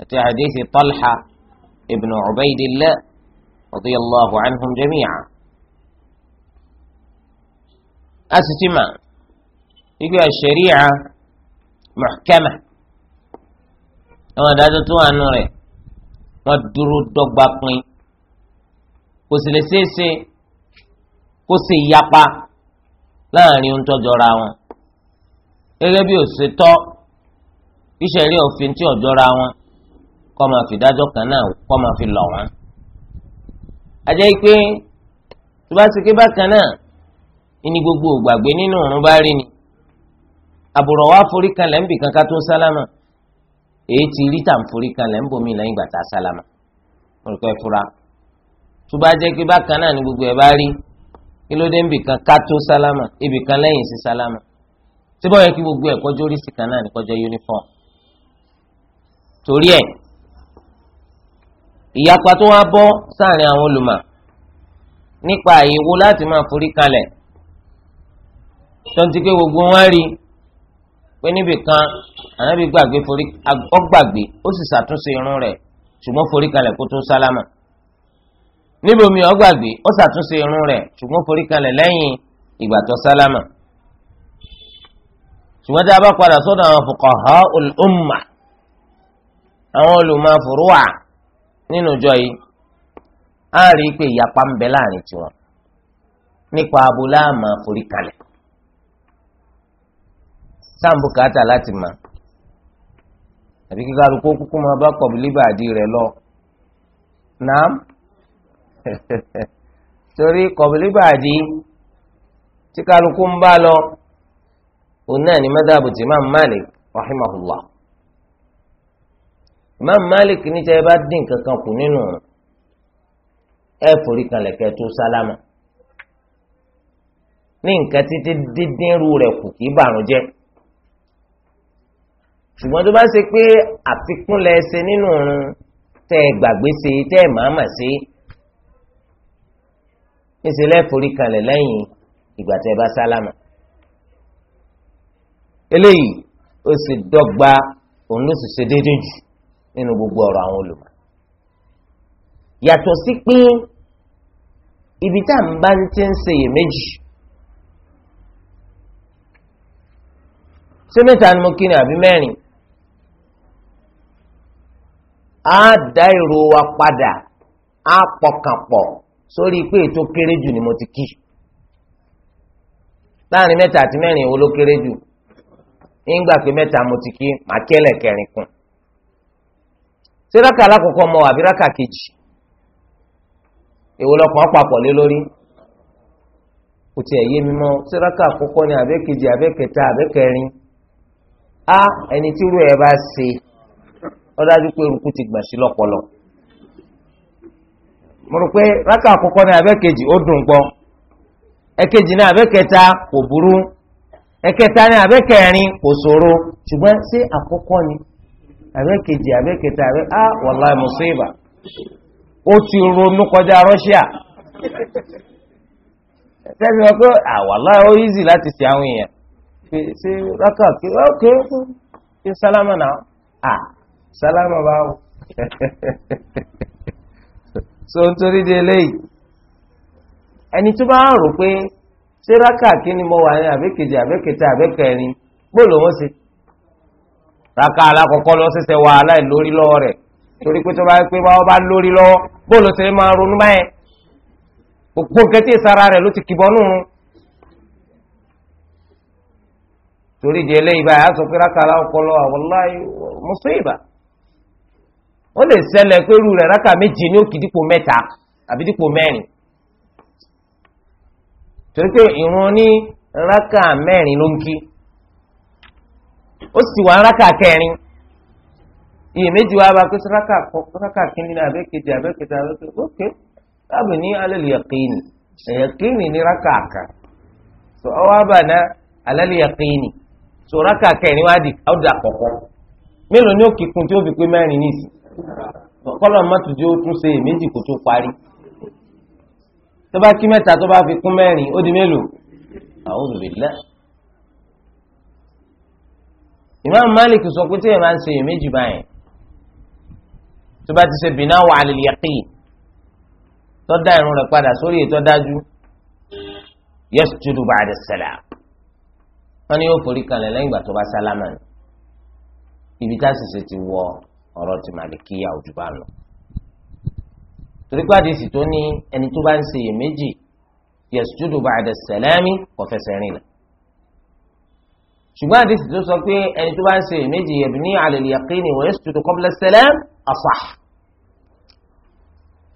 àti hadith talha ibn ubaydillah radiyallahu anhum jami'a. a sì ti mà ikú àṣẹríà muhkama àwọn adájọ́ tó wà nù rẹ̀. wọ́n dúró dọ́gba pin kò sì lè ṣeéṣe kó sì yapa láàrin ohun tó jọra wọn gẹ́gẹ́ bí òṣètọ́ ìṣẹ̀rí òfin tí ò jọra wọn kọ́ máa fi dájọ́ kan náà kọ́ máa fi lọ̀ wọ́n. ajẹ́ pé tó bá ti ké bákan náà ìní gbogbo ògbàgbé nínú òrùn bá rí ni àbùrọ̀ wa forí kalẹ̀ ń bì kankan tó sálámà èyí ti rí tàǹforí kan lẹ́ ń bomi lẹ́yìn ìgbà tá a sálámà olùkọ́ ẹ fura tó bá jẹ́ pé bákan náà ni gbogbo ẹ bá rí kí ló dé ń bìkan ká tó sálámà ibìkan lẹ́yìn sí sálámà síbọ̀ yẹ kí gbogbo ẹ̀ kọjú orí sìkan náà ní kọjá uniform torí ẹ̀ ìyapa tó wá bọ́ sáàrin àwọn olùmọ̀ nípa àyèwò láti máa forí kalẹ̀ tó ń ti pé gbogbo wọn rí pé níbìkan ànábì gbàgbé forí ó gbàgbé ó sì ṣàtúnṣe irun rẹ̀ ṣùgbọ́n forí kalẹ̀ kó tó sálámà níbomi ó gbàgbé ó ṣàtúnṣe irun rẹ̀ ṣùgbọ́n forí kalẹ̀ lẹ́yìn ìgbà tó sálámà ṣùgbọ́n tí a bá padà sọ́dọ̀ àwọn fuqaha al-umma àwọn olùmọ̀ furuwa nínú ìjọ yìí á rí i pé ìyapa ń bẹ láàrin tiwọn nípa abúlé àmà forí kalẹ̀ sáà bùkátà láti máa àbí kíkà lóko kúkú máa bá kọ̀bílì bàdí rẹ̀ lọ nàám torí kọ̀bílì bàdí tí kálukú ń bá lọ òun náà ni madhabu ti imam malik rahimahullah imam malik níta ẹ bá dín kankan kù nínú ẹ forí kan lẹ̀kẹ́ tó sálámà ní nǹkan títí dídínrú rẹ̀ kù kì í bàrún jẹ́ ṣùgbọ́n tó bá ṣe pé àfikúnlẹ̀ ẹsẹ̀ nínú òun tẹ́ ẹ gbàgbé ṣe tẹ́ ẹ máa mà ṣe níṣẹ́ lẹ́ẹ̀forí kalẹ̀ lẹ́yìn ìgbà tẹ́ ẹ bá sálámà. eléyìí ó sì dọ́gba òun ló sì ṣe déédéé jù nínú gbogbo ọ̀rọ̀ àwọn olùmọ̀. yàtọ̀ sí pé ibi tá à ń bá ti ń ṣe iyèméjì. ṣé ni mo kí ni àbí mẹ́rin á dá èrò wa padà á pọkànpọ̀ sórí pé ètò kéré jù ni mo ti kí láàrin mẹ́ta àti mẹ́rin wo ló kéré jù nígbà pé mẹ́ta mo ti kí màá kẹ́lẹ̀ kẹrin kùn ṣé rákà mọ àbí rákà kejì èwo lọkàn papọ̀ lé lórí kò tiẹ̀ yé mi mọ́ ṣé àkọ́kọ́ ni àbẹ́kejì àbẹ́kẹta àbẹ́kẹrin á ẹni tí irú ẹ bá ṣe. ọdájú pé eruku ti gbà sí lọ́pọlọ. mo rò pé rákà àkọ́kọ́ náà abẹ́kejì ó dùn gbọ́ ẹ̀kejì náà abẹ́kẹta kò burú ẹ̀kẹta náà abẹ́kẹrin kò ṣòro ṣùgbọ́n ṣé àkọ́kọ́ ni abẹ́kejì abẹ́kẹta abẹ́ á wàláì mùsíbà ó ti ronú kọjá Russia sẹ́ni wọn pé ó láti ṣe àwọn èèyàn ṣe rákà kí sálámà báwo so nítorí de eléyìí ẹni tó bá ń rò pé síraka kí ni mo wà ní àbẹ́kejì àbẹ́kẹta àbẹ́kẹrin gbọ́dọ̀ wọ́n ṣe raka alákọ̀ọ́kọ́ lọ ṣẹ̀ṣẹ̀ wà aláìlórí lọ́wọ́ rẹ̀ torí pé tó bá pé wọ́n bá lórí lọ́wọ́ bóòlù ṣe máa ronú báyẹn òpó nkẹ́tì ìsara rẹ̀ ló ti kìbọn nù un torí di eléyìí báyìí á sọ pé raka alákọ̀ọ́kọ́ lọ àwọn láì mùsùlùmí ó lè sẹlẹ̀ pé irú rẹ̀ rákà méje ní òkè dípò mẹ́ta àbí dípò mẹ́rin torí pé ní rákà mẹ́rin ló ń kí ó sì wá rákà kẹrin wa bá pé rákà rákà kínní ní abẹ́kejì abẹ́kejì ókè ní alẹ́ lè ní rákà tó alẹ́ lè tó rákà kẹrin wá kọ̀kọ́ mélòó kọ́lọ̀ mọ́tòjú o tún ṣe èméjì kó tó parí tó bá kí mẹ́ta tó bá fi kún mẹ́rin ó di mélòó a'udhu billah. Imam Malik sọ pé tí èèyàn máa ń ṣe èméjì báyìí tó bá ti ṣe bìnnà wà lil yaqin tó dá irun rẹ̀ padà sórí ètò dájú yasjudu ba'da salam wọ́n ní yóò forí kalẹ̀ lẹ́yìn ìgbà tó bá sálámà ibi tá a sì ṣe ti wọ̀ ọ̀rọ̀ ti màlìkíyà ojú bá ń lọ. torí pé àdìsí tó ní ẹni tó bá ń ṣe iyèméjì yasjudu ba'da salami kò fẹsẹ̀ rìn lẹ̀. ṣùgbọ́n àdìsí tó sọ pé ẹni tó bá ń ṣe iyèméjì yabni 'ala al-yaqini wa yasjudu qabla as-salam asah.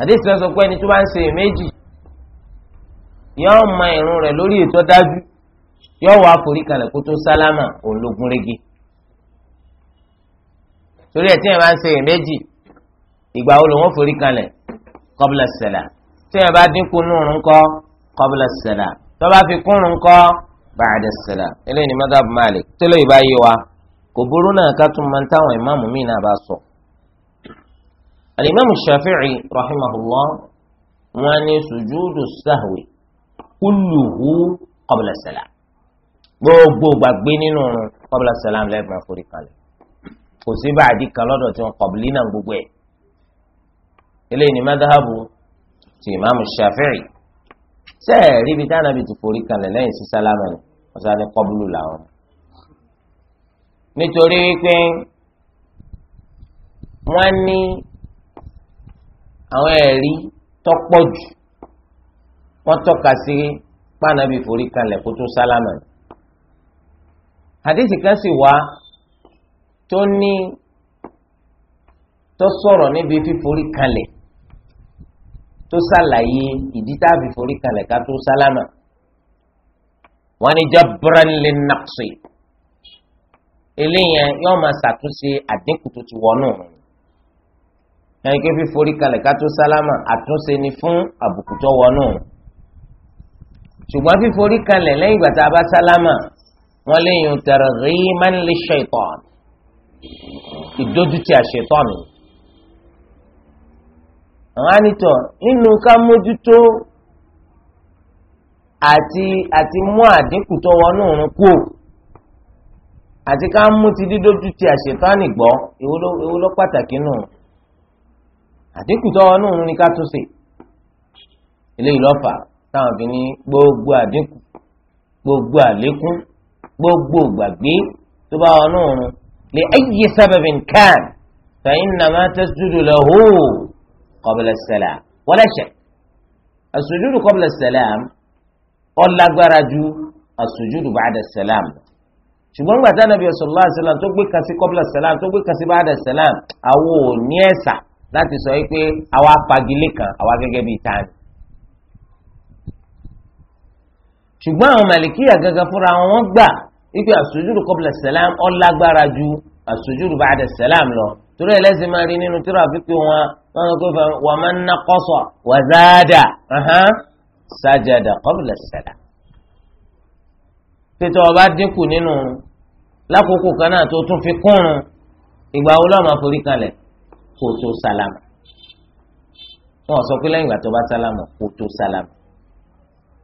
àdìsí tó sọ pé ẹni tó bá ń ṣe iyèméjì yóò mọ ìrun rẹ̀ lórí ètò dájú yóò wá forí kalẹ̀ kó tó sálámà òun ló gúnrégé torí ẹ̀ tí yẹn bá ń ṣe èméjì ìgbà wo lòun ó forí kalẹ̀ kọ́bùlà sẹ̀là tí yẹn bá dínkù nùrù ńkọ́ kọ́bùlà sẹ̀là tó bá fi kúrù ńkọ́ bàdà sẹ̀là eléyìí ni madhab Malik tẹ́lẹ̀ ìbá yé wa kò burú náà ká tún máa ń táwọn ìmáàmù míì náà bá sọ. alimami shafi'i rahimahullah wọn ní sùjúdù sahwi kulluhu kọ́bùlà sẹ̀là gbogbo gbàgbé nínú kọ́bùlà sẹ̀là lẹ́gbẹ̀ẹ́ forí kalẹ̀ kò sí báàdì kan lọ́dọ̀ tí wọn kọ̀bìlì náà gbogbo ẹ̀ eléyìí ni madhabu ti imaamu shafi'i sẹ́ẹ̀ ríbi táwọn abìtì forí kalẹ̀ lẹ́yìn sí sálámà ni wọ́n sá ní kọ́bùlù làwọn. nítorí wípé wọ́n ní àwọn ẹ̀rí tọ́pọ̀ jù wọ́n tọ́ka sí pàànàbì forí kalẹ̀ kó tó sálámà ni. hadisi kan sì wá tó ní tó sọ̀rọ̀ níbi fíforí kanlẹ̀ tó ṣàlàyé ìdí tá a fi forí kanlẹ̀ ká tó sálámà wọ́n ní jabran lè nàqṣe eléyẹn yóò máa ṣàtúnṣe àdínkù tó ti wọnú òun ẹni pé fíforí kanlẹ̀ ká tó sálámà àtúnṣe ni fún àbùkù tó wọnú ṣùgbọ́n fíforí kanlẹ̀ lẹ́yìn ìgbà tá a bá sálámà wọ́n léyìn targhiman lish-shaytan ìdójútì àṣetọ́nù àwọn ànitọ nínú ká mójútó àti àti mú àdínkù tó wọnú òun kú àti ká mú ti dídójútì àṣetọ́nù gbọ́ èwo ló pàtàkì nù àdínkù tó wọnú òun ni ká tó ṣe eléyìí lọ́fà táwọn fi ní gbogbo àdínkù gbogbo àlékún gbogbo gbàgbé tó bá wọnú òun. لأي سبب كان فإنما تسجد له قبل السلام ولا شك السجود قبل السلام ọlá agbára السجود بعد السلام. sàlám ṣùgbọ́n gbàtà nàbí sallallahu alaihi wasallam tó gbé kan sí kọ́bílà sàlám tó gbé kan sí ba'da sàlám àwọn ò ní ẹ̀sà láti sọ pé àwa apagilé kan àwa gẹ́gẹ́ bíi tani. ṣùgbọ́n àwọn màlìkíyà gangan fúnra wọn gbà ipe àsojúdù kọ́bìlà sẹ́lám ọ̀lágbára ju àsojúdù bàdà sẹ́lám lọ torí ẹlẹ́sìn máa rí nínú tíra fífi wọn wọn sọ pé wà máa ń nakọ́sọ̀ wà záàdà sájàdà kọ́bìlà sẹ́lám. pété ọba dínkù nínú lákòókò kan náà tó tún fi kúrun ìgbà wo lọ́ọ́ máa forí kalẹ̀ kó tó sálámà wọn sọ pé lẹ́yìn ìgbà tó bá sálámà kó tó sálámà.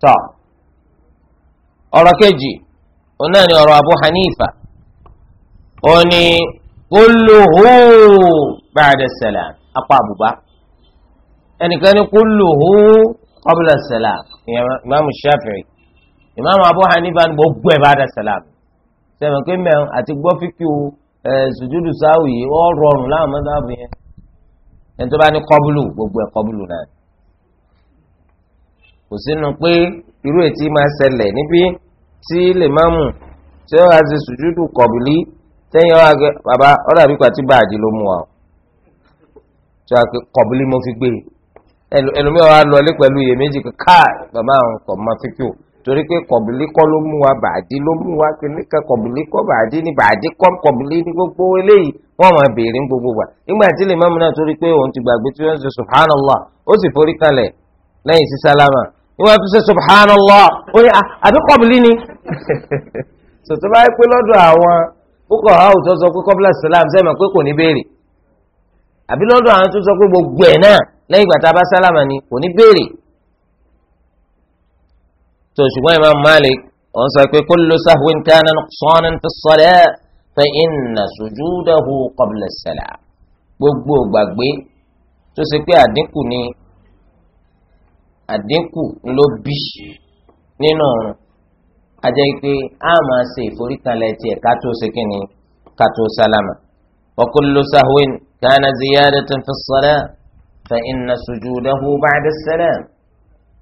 tọ́ ọ̀rọ̀ kejì òun náà ni ọ̀rọ̀ Abu Hanifa ó ní kulluhu ba'da salam apá àbùbá ẹnìkan ní kulluhu qabla salam ìmáàmù Shafi'i ìmáàmù Abu Hanifa ní gbogbo ẹ̀ ba'da salam sẹ́mi pé mẹ́rin àti gbọ́ fíkì o sùjúdù sáwì yìí ó rọrùn láwọn mọ́tàbù yẹn ẹni tó bá ní kọ́bùlù gbogbo ẹ̀ kọ́bùlù náà kò sínú pé irú ètí máa ṣẹlẹ̀ níbí tí lèmọ́mù tí ó wá ṣe sùjúdù kọ̀bìlì tẹ́yìn wá gẹ bàbá ọ̀dà bí pàtí báàdì ló mú wa o tí wàá kọ̀bìlì mo fi gbé e. ẹlòmíràn wa lọlé pẹ̀lú iyèméjì káà bàbá àwọn kọ̀ máa fi kí o torí pé kọ̀bìlì kọ́ ló mú wa bàdí ló mú wa kìíní kan kọ̀bìlì kọ́ bàdí ni bàdí kọ́ kọ̀bìlì ni gbogbo eléyìí wọ́n máa béèrè ní gbogbo wa nígbà tí lè mọ́mú náà torí pé òun ti gbàgbé tí wọ́n ń ṣe subhanallah ó sì forí kalẹ̀ lẹ́yìn sí sálámà wọ́n tún ṣe subhanallah ó ní ah, àbí kọ́bìlì ni sọ̀tún báyìí pé lọ́dọ̀ àwọn púpọ̀ àwọn tó sọ pé kọ́bìlà sàlám sẹ́mi pé kò ní béèrè àbí lọ́dọ̀ àwọn tó sọ pé gbogbo ẹ̀ náà lẹ́yìn ìgbà tá a bá sálàmà ni kò ní béèrè tó ṣùgbọ́n Imam Malik wọ́n sọ pé kullu sahwin kana nuqsanan fi s-salat fa inna sujudahu qabla s-salam gbogbo gbàgbé tó ṣe pé àdínkù ni àdínkù ló bí nínú ọ̀run ajẹ́ pé a máa ṣe ìforíkalẹ̀ tiẹ̀ ká tó ṣe kínní ká tó sálámà. wa kullu sahwin kana ziyadatan ta s-salah fa inna sujudahu ba'da s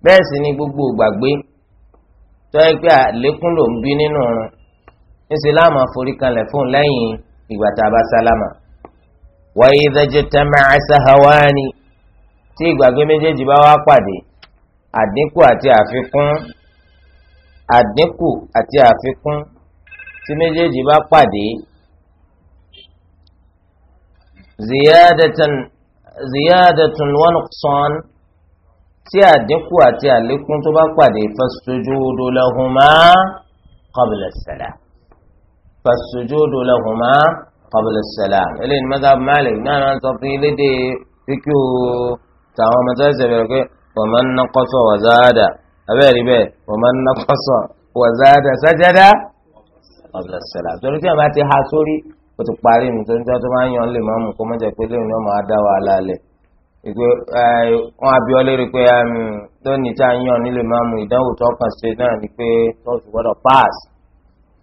bẹ́ẹ̀ sì ni gbogbo gbàgbé tó yẹ pé àlékún ló ń bí nínú ọ̀run níṣẹ́ láàmú àforíkalẹ̀ fún lẹ́yìn ìgbà tá a bá sálámà. wa idha jtama'a sahwani tí ìgbàgbé méjèèjì bá wá pàdé àdínkù àti àfikún àdínkù àti àfikún tí méjèèjì bá pàdé ziyadatun ziyadatun wa nuqsan tí àdínkù àti àlékún tó bá pàdé fasujudu lahuma qabla as-salam fasujudu lahuma qabla as-salam eléyìí mẹ́ta Malik náà sọ fún ilédè fíkú tàwọn ọmọ tó ṣẹ̀ṣẹ̀ bẹ̀rẹ̀ pé. waman naqasa wa zada abẹ́rẹ́ bẹ́ẹ̀ waman naqasa wa zada sajada ọ̀bùlà sẹ̀lá torí tí a bá ti ha sórí o ti parí ní tó ń tọ́ tó máa ń yan lè máa mú kó má jẹ́ pé lóyún náà máa dá wàhálà lẹ̀ ìgbé wọn àbí ọlẹ́rìí pé lónìí tá a yan nílé máa mú ìdánwò tó kàn ṣe náà ni pé tọ́sí gbọ́dọ̀ pass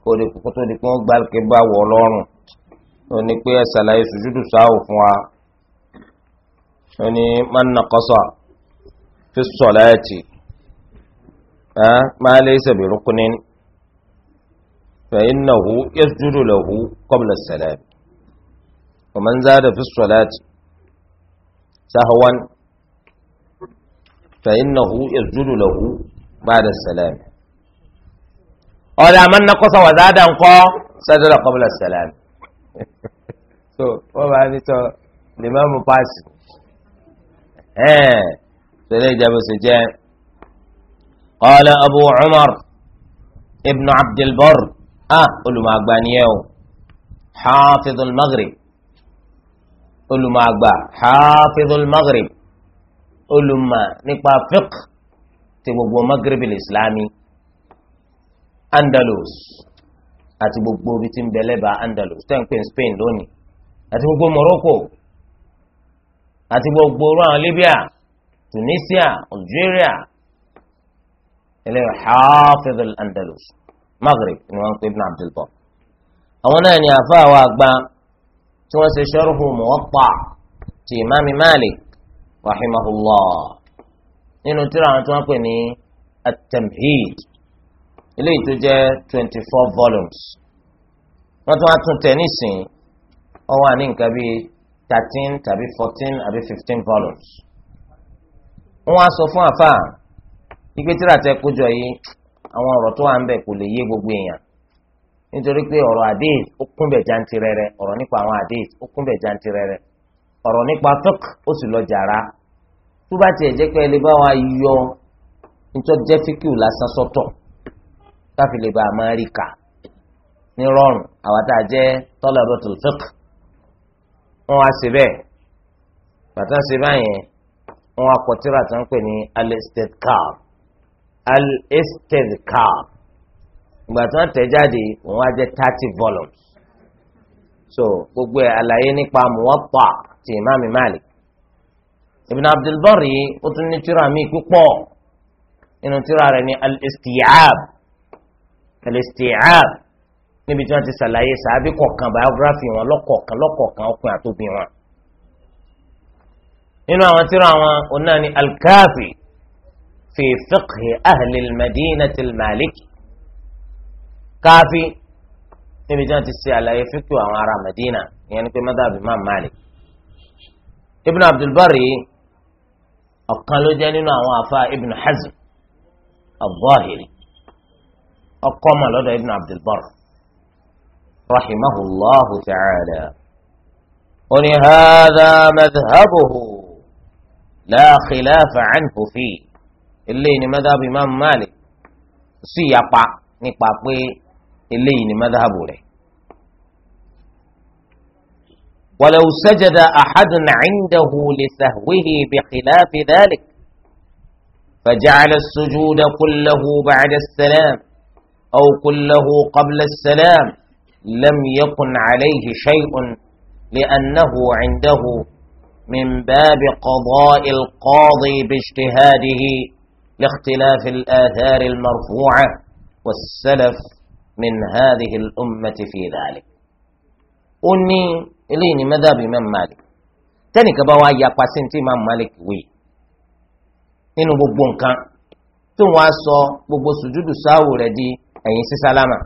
kó lè kó tó di pé wọ́n gbá bá wọ̀ ọlọ́run ó ní pé ẹ sùjúdù sáà fún wa ó ní má nàkọ́sọ̀ في الصلاة أه؟ ما ليس بركن فإنه يسجد له قبل السلام ومن زاد في الصلاة سهوا فإنه يسجد له بعد السلام قال من نقص وزاد انقى سجد قبل السلام so wọ́n bá ní sọ lè má mú paasi sẹlẹ̀ ìjábọ̀ sì jẹ́ qala abu umar ibn abdulbar a ah, olùmọ̀gbà niyẹn o xaafidul maghrib olùmọ̀gbà xaafidul maghrib olùmọ̀ nípa fiqh ti gbogbo maghrib islami andalus àti gbogbo ibi tí ń bẹ lẹ́bàá andalus ten pin spain lónìí àti gbogbo morocco àti gbogbo oru àwọn libya. Tunisia Algeria eléyìí Hafiz al-Andalus Maghrib ni wọ́n ń pè Ibn Abdul Bar àwọn náà ni àfa àwọn àgbà tí wọ́n ṣe sharhu Muwatta ti imaami Malik rahimahullah nínú tíra àwọn tí wọ́n pè ní at-Tamhid eléyìí tó jẹ́ twenty four volumes wọ́n tún wá tún tẹ̀ nísìnyí ó wà ní nǹkan bíi thirteen tàbí fourteen àbí fifteen volumes wọ́n á sọ fún àfà ìgbé tíra tẹ kójọ yìí àwọn ọ̀rọ̀ tó wà ń bẹ̀ kò lè yé gbogbo èèyàn nítorí pé ọ̀rọ̀ hadith ó kún bẹ̀ jantirẹrẹ ọ̀rọ̀ nípa àwọn hadith ó kún bẹ̀ jantirẹrẹ ọ̀rọ̀ nípa fiqh ó sì lọ jàrá tó bá tiẹ̀ jẹ́ pé ẹ wa yọ nítorí jẹ́ fíkìú lásán sọ́tọ̀ káfí lè bá a ní rọrùn àwa tá a jẹ́ talabatul wọ́n wá síbẹ̀ bàtà síbẹ̀ yẹn wọn akọtira tó ń pè ní alistedkar alistedkar ìgbà tí wọn tẹ̀ jáde wọn á jẹ thirty volumes so gbogbo ẹ àlàyé nípa muwatta ti imaami malik ibn abdulbari ó tún ní tírà mi púpọ̀ nínú tírà rẹ̀ ní alistiyaab alistiyaab níbi tí wọn ti ṣàlàyé sàábì kọ̀ọ̀kan biography wọn lọ́kọ̀ọ̀kan lọ́kọ̀ọ̀kan ọkùnrin àtòbí wọn. nínú àwọn tírà àwọn ọ̀nà ni alkaafi fi fiqhi ahli almadinati almaliki kaafi níbi tí wọ́n ti ṣe àlàyé fiqhi àwọn ará madina ìyẹn ni pé madhab imam malik ibn abdulbari ọ̀kan ló jẹ́ nínú àwọn afa ibn hazm al-zahiri ọkọ mọ lọ́dọ̀ ibn abdulbar rahimahullahu ta'ala ó ní hadha madhabuhu. لا خلاف عنه فيه eléyìí مذهب madhab مالك malik sì yapa مذهب pé ولو سجد أحد عنده لسهوه بخلاف ذلك فجعل السجود كله بعد السلام أو كله قبل السلام لم يكن عليه شيء لأنه عنده من باب قضاء القاضي باجتهاده لاختلاف الآثار المرفوعة والسلف من هذه الأمة في ذلك أني إليني ماذا بمن مالك تاني كباوا يقاسين إمام مالك وي إنه ببون كان تون واسو ببو سجود ساو ردي أي سلامة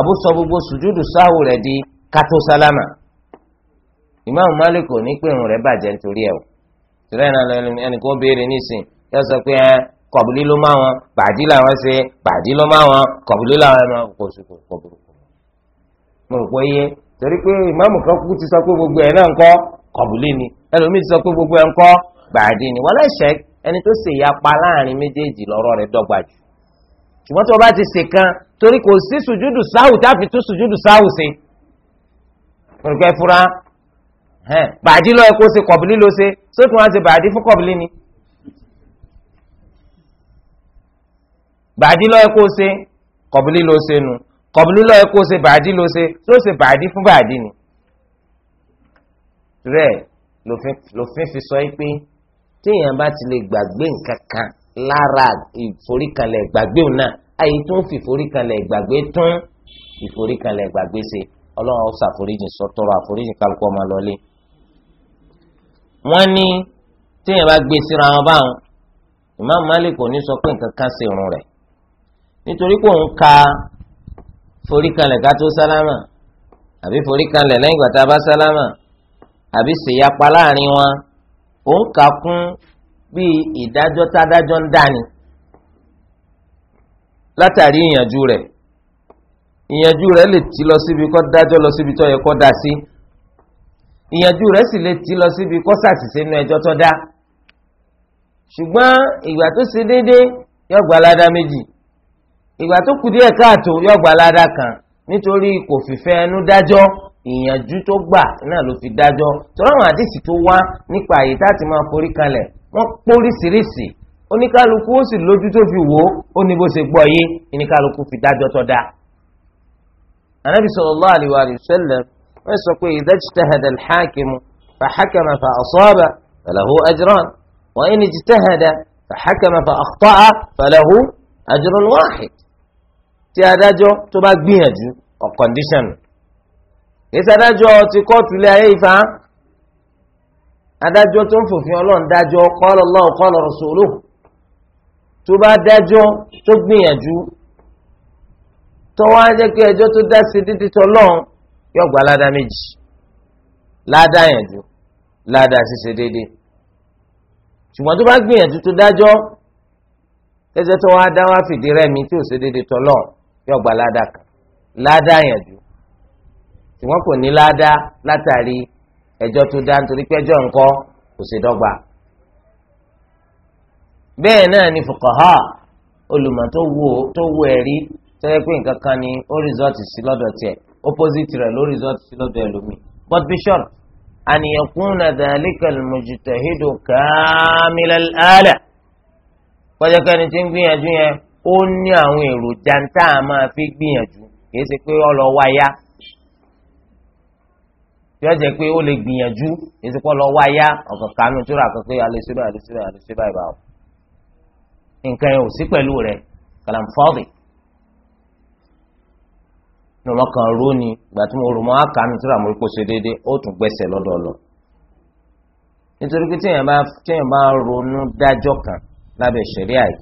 أبو سو ببو سجود ساو ردي كاتو سلامة ìmáàmù Malik ò ní pé irun rẹ̀ bàjẹ́ nítorí ẹ̀ o tìrẹ̀ náà ẹnìkan béèrè nísìn yóò sọ pé ẹ kọ̀bùlí ló máa wọn bàdí làwọn ṣe bàdí ló máa wọn kọ̀bùlí làwọn ẹ̀ma kò sí kọ̀bùrù mo rò pé yé torí pé ìmáàmù kan kú ti sọ pé gbogbo ẹ̀ náà ń kọ́ kọ̀bùlí ni ẹlòmíì ti sọ pé gbogbo ẹ̀ ń kọ́ bàdí ni wọ́n lẹ́sẹ̀ ẹni tó ṣe ìyapa láàrin méjèèjì lọ́rọ̀ rẹ̀ dọ́gba jù ṣùgbọ́n tí wọ́n bá ti ṣe kan torí kò sí sùjúdù sáwù tá tún sùjúdù sáwù ṣe mo rò pé fúra bàdí lọ́ọ́ kó ṣe kọ̀bìlì ló ṣe sókè wọn ṣe bàdí fún kọ̀bìlì ni. bàdí lọ́ọ́ kó ṣe kọ̀bìlì ló ṣe nu kọ̀bìlì lọ́ọ́ kó ṣe bàdí ló ṣe tó ṣe bàdí fún bàdí ni. rẹ̀ lòfin fi sọ pé téèyàn bá ti lè gbàgbé nǹkan kan lára ìforíkalẹ̀ gbàgbé òun náà àyè tó ń fi ìforíkalẹ̀ gbàgbé tún ìforíkalẹ̀ gbàgbé ṣe ọlọ́run ó ṣàforíjì sọ́tọ́rọ̀ àforíjì kálukú ọmọ lọ́lé wọ́n ní téèyàn bá gbé síra wọn báwọn Imam Malik kò ní sọ pé nǹkan kan sí irun rẹ̀ nítorí pé òun ka foríkanlẹ̀ ká tó sálámà àbí foríkanlẹ̀ lẹ́yìn ìgbà tá a bá sálámà àbí ṣèyapa láàrin wọn òun kà kún bí ìdájọ́ tádájọ́ ń dání látàrí ìyànjú rẹ̀ ìyànjú rẹ̀ lè ti lọ síbi kó dájọ́ lọ síbi tó yẹ kó dá sí. Si ìyànjú rẹ̀ sì lè ti lọ síbi kó ṣàṣìṣe inú ẹjọ́ tó dá ṣùgbọ́n ìgbà tó ṣe déédéé yóò gba aládá méjì ìgbà tó kù díẹ̀ káàtó yóò gba aládá kan nítorí kò fìfẹ́ ẹnu dájọ́ ìyànjú tó gbà náà ló fi dájọ́ tọ́lá àwọn àdìsí tó wá nípa àyè tá a ti máa forí kalẹ̀ wọ́n póríṣiríṣi oníkálukú ó sì lójú tó fi wò ó ní bó ṣe gbọ́ yé oníkálukú fi dájọ́ tó dáa. ànábì sallallahu alaihi sallam ويسوكوه إذا اجتهد الحاكم فحكم فأصاب فله أجران وإن اجتهد فحكم فأخطأ فله أجر واحد تيادا جو تباك بيها جو وقنديشن يتادا جو تيكوت لأيفا أدا جو تنفو في الله دا جو قال الله قال رسوله تبا دا جو تبني جو تواجك جو تدا سيدي تولون yóò gba ládá méjì ládá yànjú ládá ṣíṣe déédéé ṣùgbọ́n tó bá gbìyànjú tó dájọ́ tẹ́tẹ́ tó wá dá wá fìdí rẹmi tí ò ṣe déédéé tọ́lọ̀ yóò gba ládá kan ládá yànjú ṣùgbọ́n kò ní ládá látàrí ẹjọ́ tó dá nítorí pẹ́jọ́ ńkọ́ kò ṣe dọ́gba bẹ́ẹ̀ náà ni fukaha, olùmọ̀ tó wo ẹ̀rí tẹ́lẹ̀ pé nǹkan kan ni ó rìsọ́ọ̀tì sí lọ́dọ̀ tiẹ̀ opposite rẹ̀ ló result sí lọ́dọ̀ ẹlòmíì but be sure an yakuna dhalika al-mujtahidu kamila al-ala pọ́jọ́kẹ́ ni tí ń gbìyànjú yẹn ó ní àwọn èròjà tá a máa fi gbìyànjú kì í ṣe pé ó lọ wáyà tí ó jẹ́ pé ó lè gbìyànjú kì í ṣe pé ó lọ wáyà ọ̀kan kanú tó rà kan pé alẹ́sẹ̀ báyìí alẹ́sẹ̀ báyìí nǹkan yẹn ò sí pẹ̀lú rẹ̀ kàlàǹfọ́ọ̀dì lọ́kàn ró ni ìgbà tí mo rò mọ́ àkànú tí ràmúrí kò ṣe déédéé ó tún gbẹ̀sẹ̀ lọ́dọ̀ lọ. nítorí pé kan lábẹ́ yìí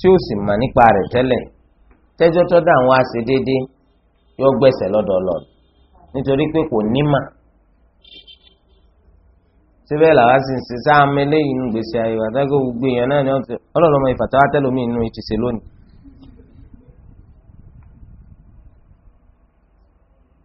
tí ó sì mà nípa rẹ̀ tẹ́lẹ̀ tẹ́jọ́ tó dà wọ́n déédéé yóò lọ́dọ̀ lọ nítorí pé kò nímà síbẹ̀ làwa sì ń gbogbo èèyàn náà ni wọ́n ti ọlọ́run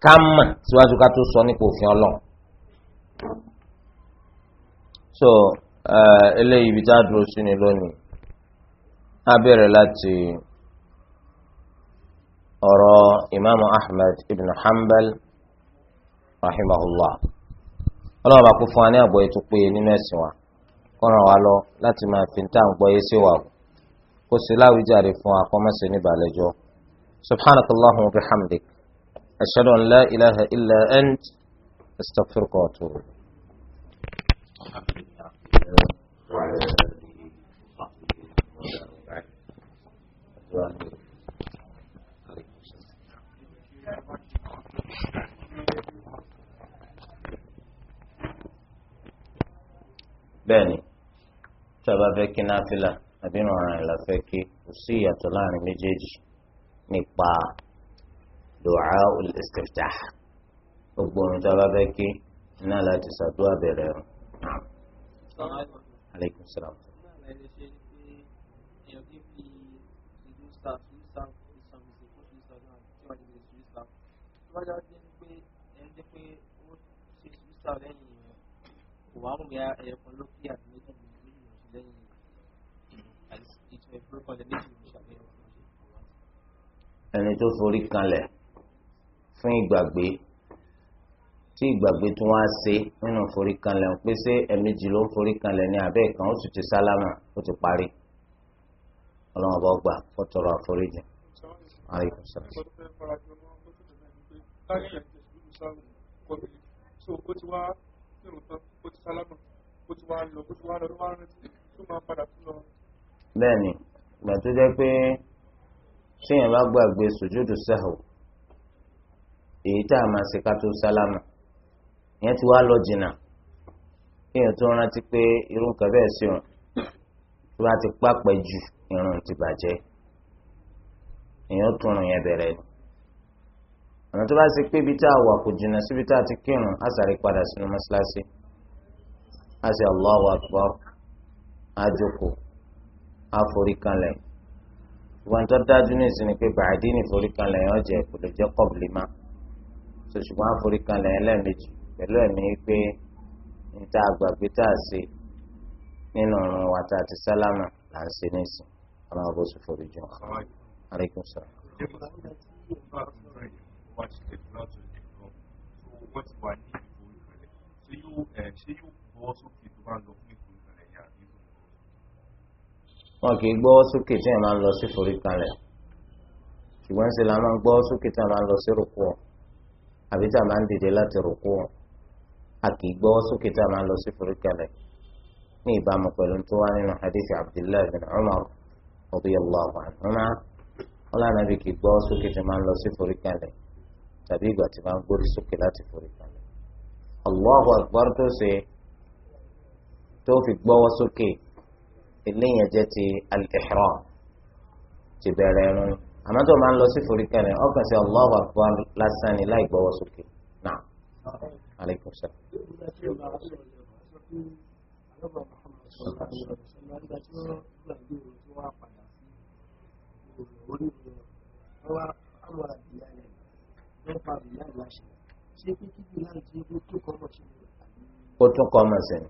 ká mà síwájú ká tó sọ nípa òfin ọlọ́run. so eléyìí ibi tá a dúró sí ni lónìí a bẹ̀rẹ̀ láti ọ̀rọ̀ imaamu ahmed ibn hanbal rahimahullah ọlọ́run bá kó fún wa ní àgbọ̀yé tó péye nínú ẹ̀sìn wa kó ràn wá lọ láti máa fi tá à ń gbọ́yé sí wa kó sì láwùjáde fún wa kó má ṣe ní ìbàlẹ́jọ́ subhanakallahumma wa bihamdik. أشهد أن لا إله إلا أنت أستغفرك وأتوب bẹ́ẹ̀ni tí a bá fẹ́ kí náà fi náfìlà àbínú ọ̀ràn ìlàfẹ kí kò sí ìyàtọ̀ láàrin méjèèjì nípa du'a al-istiftah gbogbo ohun tó a bá fẹ́ kí iná láti ṣàdúrà bẹ̀rẹ̀ rẹ̀. aleykum salaam. ẹni tó forí kanlẹ̀ fún ìgbàgbé tí ìgbàgbé tún wá ṣe nínú foríkanlẹ̀ ń pé ṣé ẹ̀mejì ló ń foríkanlẹ̀ ní abẹ́ kan ó sì ti sálámà ó ti parí ọlọ́run ọba ọgbà fọ́tọ̀rọ àforíjì. bẹ́ẹ̀ni ìgbà tó jẹ́ pé ṣéyàn bá gbàgbé sùjúdù sẹ́hùn. èyí tá a máa ṣe ká tó sálámà ìyẹn ti wá lọ jìnnà kéèyàn tó rántí pé irú nǹkan bẹ́ẹ̀ sí òun tó bá ti pápẹ́ ju irun ti bàjẹ́ èèyàn tún rùn yẹn bẹ̀rẹ̀ ni ọ̀nà tó bá ṣe pé ibi tá a wà kò jìnnà síbi tá a ti kírun á sáré padà sínú mọ́ṣáláṣí á sì Allahu Akbar á jókòó á forí kanlẹ̀ ìwọ̀n tó dájú ní ìsinmi pé bàdí ní forí kanlẹ̀ yẹn ọ̀jẹ̀ kò ṣùgbọ́n àforíkalẹ̀ ẹlẹ́ẹ̀mejì pẹ̀lú ẹ̀mí pé níta àgbàgbé tá a ṣe nínú ọ̀run wa tá a ti sálámà là ń ṣe nísìn ọ̀run ọ̀bọ̀ sì forí jù wọn. aleykum salaam. wọn kì í gbọ́ sókè tí ẹ̀ máa ń lọ sí foríkalẹ̀ ṣùgbọ́n ṣe la máa ń gbọ́ sókè tí ẹ̀ máa ń lọ sí rúkú àbí tá a máa ń dìde láti rúkú a kì í gbọ́wọ́ sókè tá a máa ń lọ sí foríkalẹ̀ ní ìbámu pẹ̀lú tó wá nínú hadithi abdullahi bin umar radiyallahu anhuma ọlọ́run bí kì í gbọ́wọ́ sókè tá a máa ń lọ sí foríkalẹ̀ tàbí ìgbà tí máa ń gbórí sókè láti foríkalẹ̀ allahu akbar tó ṣe tó fi gbọ́wọ́ sókè eléyìí jẹ́ ti al ti bẹ̀rẹ̀ ẹ̀rùn àmọ́ tó máa ń lọ sí foríkẹ́lẹ̀ ọkàn sí Allahu Akbar lásán ni láì gbọ́wọ́ sókè náà aleykum sir. kó tún kọ́ ọmọ sí ni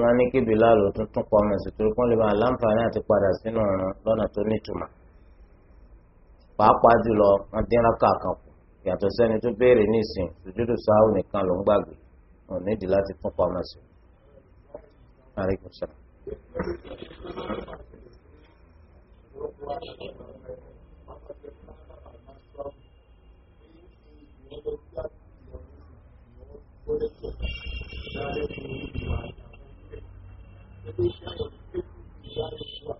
wọ́n á ní kí Bilal tún tún kọ́ ọmọ sí torí kó lè máa láǹfààní àti padà sínú ọ̀ràn lọ́nà tó nítumọ̀ pàápàá jùlọ wọn dín rákà kan kù yàtọ̀ sẹ́ni tó béèrè ní ìsìn sùjúdù sáà nìkan ló ń gbàgbé wọn nídìí láti tún pamọ́ sí i. Thank you.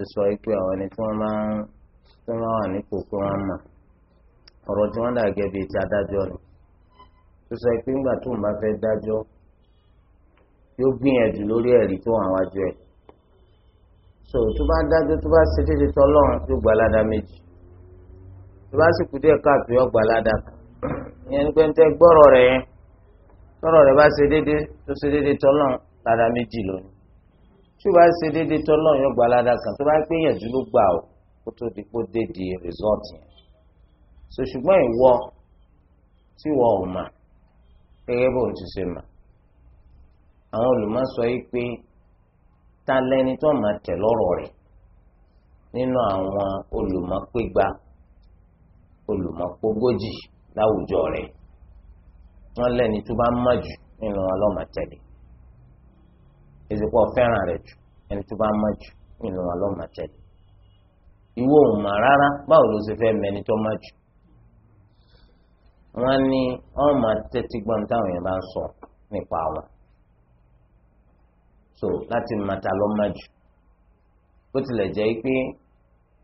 ti sọ pé àwọn ẹni tí wọ́n máa ń tí wọ́n wà nípò pé wọ́n mọ̀ ọ̀rọ̀ tí wọ́n dà bíi ti adájọ́ ni tó sọ pé ńgbà tó ń bá fẹ́ dájọ́ yóò gbìyànjú lórí ẹ̀rí tó wà wájú ẹ̀ so tó bá dájọ́ tó bá ṣe déédéé tọ́ lọ́run yóò gba aládàá méjì tó bá sì kú díẹ̀ káàtó yóò gba aládàá ìyẹn ní pé ń tẹ́ gbọ́rọ̀ rẹ̀ yẹn tọ́rọ̀ rẹ̀ bá ṣe déédéé tó ṣe déédéé tọ́ lọ́run ládàá méjì lónìí tí o bá ṣe déédéé tọ́ lọ́run yóò gba aládàá kan tó bá pé yànjú ló gbà ó kó tó di kó déédé result yẹn so ṣùgbọ́n ìwọ tí wọ́n ò mà gẹ́gẹ́ bó ti ṣe mà àwọn olùmọ̀ sọ yìí pé ta lẹni tó máa tẹ̀ lọ́rọ̀ rẹ̀ nínú àwọn olùmọ̀pégbá olùmọ̀pógójì láwùjọ rẹ̀ wọ́n lẹ́ni tó bá mọ̀ jù nínú ọlọ́mọ̀tẹ́lẹ̀ ezekwa fẹ́ràn rẹ̀ jù ẹni tó bá mọ̀ jù nínú wọn lọ́mọ tẹ̀lé ìwọ ò mọ̀ rárá báwo ló ṣe fẹ́ mẹni tó mọ̀ jù wọ́n ní wọ́n máa tẹ́tí gbọ́n táwọn yẹn bá ń sọ nípa wọn so láti mata lọ mọ̀ jù bó tilẹ̀ jẹ́ pé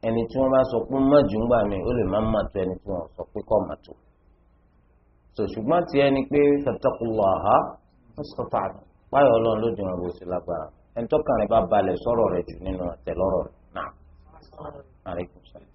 ẹni tí wọ́n bá sọ pé mọ̀ jù ń gbà mí ó lè má mọ̀ tó ẹni tí wọ́n sọ pé kọ́ mọ̀ tó so ṣùgbọ́n tiẹ̀ ni pé fatakullaha fastata wáyọ̀ ọlọ́run ló dùn àbòsí lágbára ẹni tọ́kàn rẹ̀ bá balẹ̀ sọ̀rọ̀ rẹ̀ jù nínú àtẹ̀lọ́rọ̀ rẹ̀ náà. aleykum salaam.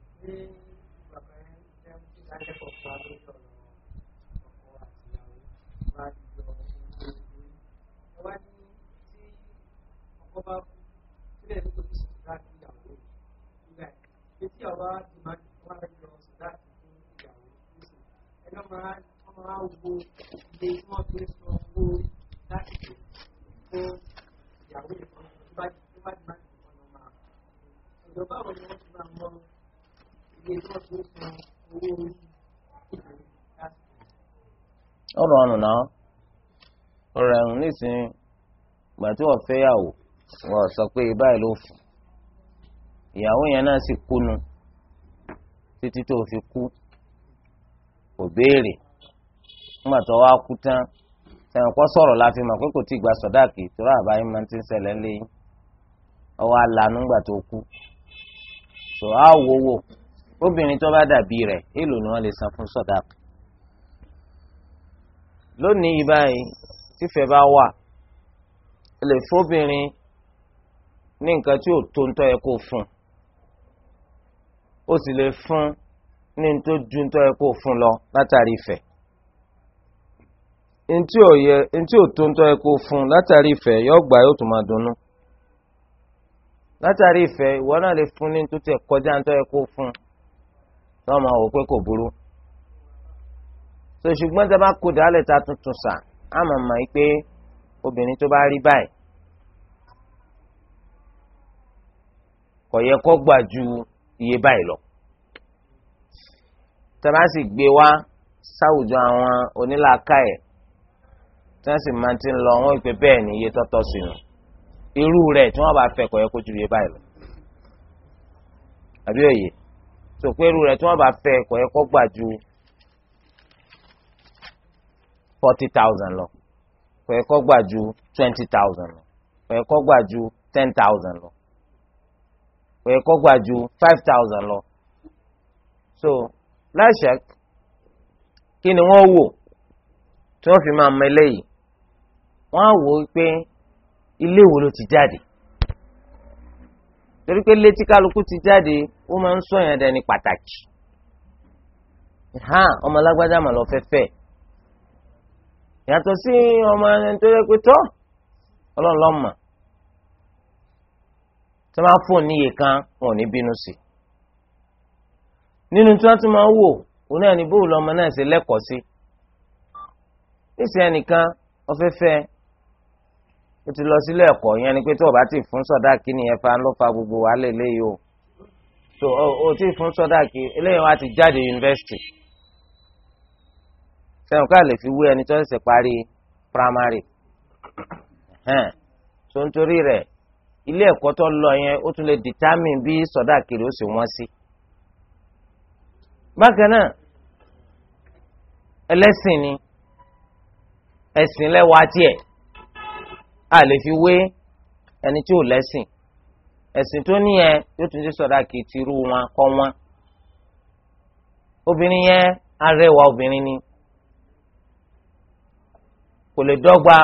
náà ọ̀rọ̀ ẹ̀rùn nísìnyí ìgbà tí wọ́n fẹ́ yàwó wọ́n sọ pé báyìí ló fún ìyàwó yẹn náà sì kúnu títí tó fi kú kò béèrè nígbà tó wá kú tán sẹ́yìn kọ́ sọ̀rọ̀ la fi mọ̀ pé kò tí ì gba sọ̀dáàkì ìtura àbáyé máa ti ń ṣẹlẹ̀ lẹ́yìn ọwọ́ alànú nígbà tó kú tó á obìnrin tó bá dàbí rẹ̀ èèlò ni wọ́n lè san fún sọ̀dáàkì lónìí yìí báyìí tífẹ̀ bá wà ó lè fóbìnrin ní nǹkan tí ò tó ń tọ́ yẹ kó fún ó sì lè fún ní n tó ju ń tọ́ yẹ kó fún lọ látàrí ìfẹ́ ntí ò yẹ ntí ò tó ń tọ́ yẹ kó fún látàrí ìfẹ́ yọ gbà yóò tún máa dunnú látàrí ìfẹ́ ìwọ náà lè fún ní tó kọjá ń tọ́ so ṣùgbọ́n tí a bá kó dàálẹ̀ ta tuntun sàn á mọ̀ mọ̀ yìí pé obìnrin tó bá rí báyìí kò yẹ kó gbà ju iye báyìí lọ tí sì gbé wá sáwùjọ àwọn onílàákàyè tí wọ́n sì máa ti ń lọ wọ́n ìpè bẹ́ẹ̀ ni iye tọ́tọ́ sí nu irú rẹ̀ tí wọ́n bá fẹ́ kò yẹ kó ju iye báyìí lọ àbí òye tó irú rẹ̀ tí wọ́n bá fẹ́ kò yẹ kó gbà ju forty thousand lọ kò yẹ kó gbà ju twenty thousand lọ kò yẹ kó gbà ju ten thousand lọ kò yẹ kó gbà ju five thousand lọ so láṣẹ kí ni wọ́n wò tí wọ́n fi máa mọ eléyìí wọ́n á wò ó pé ilé wo ló ti jáde torí pé létí kálukú ti jáde ó máa ń sọ yẹn dẹni pàtàkì ọmọ alágbádá mà lọ fẹ́fẹ́ yàtọ̀ sí ọmọ ẹni tó yẹ pé tọ́ ọlọ́run lọ́mọ tí wọ́n bá fóònù níye kan wọn ò ní bínú sí nínú tí wọ́n tún máa ń wò òun náà ní bóòlù ọmọ náà ṣe lẹ́kọ̀ọ́ sí níṣẹ́ ẹnìkan ọ̀fẹ́fẹ́ ó ti lọ sílé ẹ̀kọ́ yẹn ni pé tó o bá ti fún sọ̀dá kí nìyẹn fa ló fa gbogbo wàhálà eléyìí o tó o ti fún sọ̀dá kí eléyìí wá ti jáde yunifásitì sẹ́wọ̀n ká lè fi wé ẹni tó ṣẹ̀ṣẹ̀ parí primary so nítorí rẹ̀ ilé ẹ̀kọ́ tó lọ yẹn ó tún lè determine bí sọ̀dá kiri ó sì wọ́n sí. bákan náà ẹlẹ́sìn ni ẹ̀sìn lẹ́wàá tiẹ̀ a lè fi wé ẹni tí ò lẹ́sìn ẹ̀sìn tó ní yẹn yóò tún ti sọ̀dá kiri tirú wọn kọ́ wọn. obìnrin yẹn arẹwà obìnrin ni. kò lè dọ́gba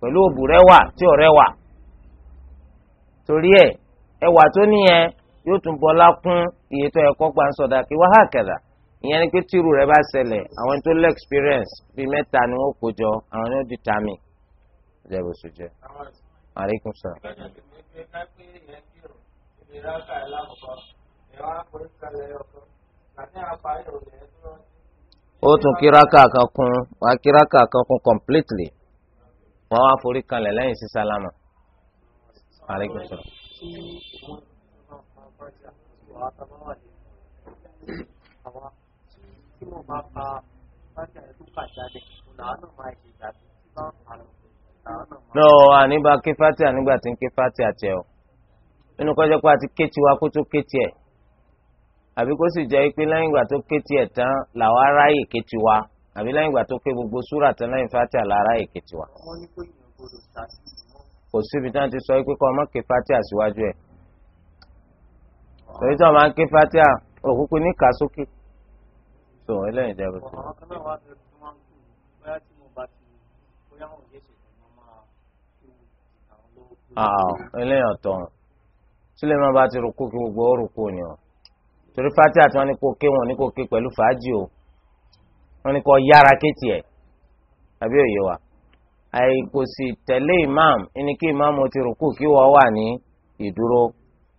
pẹ̀lú òbù rẹwà tí ò rẹwà torí ẹ ẹwà tó níyẹn yóò tún bọlá kún iye tó yẹ kó gbà ń sọdá kí wàhálà kẹdà ìyẹn ni pé rẹ bá ṣẹlẹ̀ àwọn tó lé experience bíi mẹ́ta ni wọ́n kó jọ àwọn di tami jẹ bó ṣe jẹ aleykum ó tún kíráka kan kún wá kíráka kan kún completely wọ́n wá forí kanlẹ̀ lẹ́yìn sí sálámà. No, àníbà kí fati ànígbà tí ń kí fati àtẹ o. Inú kọjá pé a ti ké kó tó ké tiẹ̀ àbí kó sì jẹ́ pé lẹ́yìn ìgbà tó ké tiẹ̀ tán làwọn aráyè ké tiwa àbí lẹ́yìn ìgbà tó ké gbogbo súrà tán lẹ́yìn fatia làwọn aráyè ké tiwa. kò síbi tí wọ́n ti sọ pé kọ́ ọmọ ké fatia síwájú ẹ̀. torí tí wọ́n máa ń ké fatia òkúkú ní kà sókè. sọ ẹlẹ́yìn ìjẹ́bù sí ẹlẹ́yìn ọ̀tọ̀ sílẹ̀ máa bá ti rúkú kí gbogbo ó ni ọ̀ torí fati àti wọn ni kò ké wọn ni kò ké pẹ̀lú fàájì o wọn ni kò yára kétì ẹ̀ àbí òye wa àìkò tẹ̀lé imam ẹni kí imam ti rùkú kí wọ́n wà ní ìdúró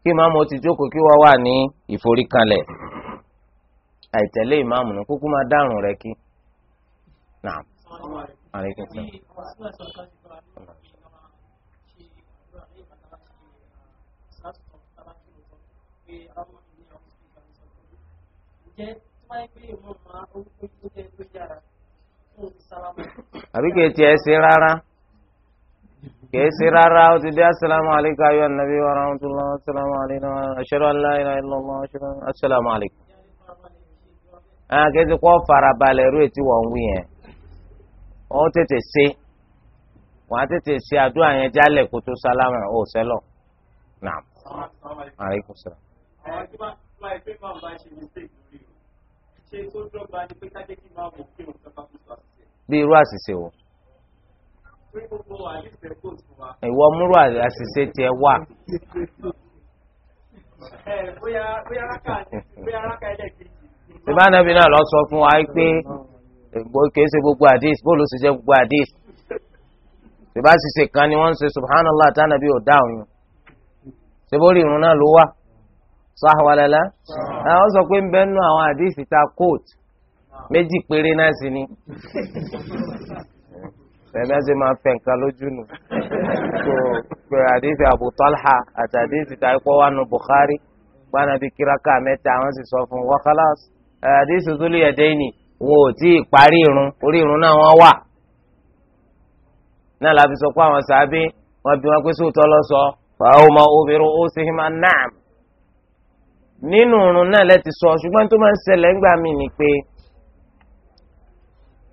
kí imam ti jókòó kí wọ́n wà ní ìforíkanlẹ̀ àìtẹ̀lé imam nù kúkú máa dárùn rẹ̀ kí. Naam. Thank you àbí kìí tiẹ̀ ṣe rárá kìí ṣe rárá ó ti dé asalaamu aleykum ayọ̀ nàbí wa rahmatulah asalaamu aleykum aṣọ́rọ̀ aláìlá ìlọ́lá aṣọ́rọ̀ asalaamu aleykum. àwọn kìí ti kọ́ farabalẹ̀ rú ètí wọ́n wí yẹn ó tètè ṣe wọ́n á tètè ṣe àdúrà yẹn jálẹ̀ kó tó sálámà ó sẹ́lọ̀ náà aleykum salaam ṣe tó dọ́gba ni pé kájẹ́ kí máa mọ̀ kí òun sábà kó sọ àṣìṣe. bí irú àṣìṣe wo. pé gbogbo àyíṣẹ́ kò tún wa. ìwọ múrò àṣìṣe tiẹ̀ wà. bóyá bóyá rákà bóyá rákà ẹlẹ́gbẹ̀ẹ́. ìbánabi náà lọ sọ fún wa pé kìí ṣe gbogbo àdìs bóòlù ṣe gbogbo àdìs ṣèbá ṣiṣe kan ni wọ́n ń ṣe subhanallah tánàbí ò dáhùn yìí ṣe bó rí irun náà ló wà. sọ́hàwálẹ́lá àwọn sọ pé ń àwọn àdìsí ta coat méjì péré náà ni máa nǹkan lójú Abu àti àdìsí ta wa Bukhari gbanabi kiraka àwọn sì sọ fún wa àdìsí wọn ò tí ì parí irun orí irun náà wà náà sọ pé àwọn wọn bí wọn lọ sọ obìnrin ó nínú irun náà lẹ́ti sọ ṣùgbọ́n tó máa ń ṣẹlẹ̀ ńgbà mí ni pé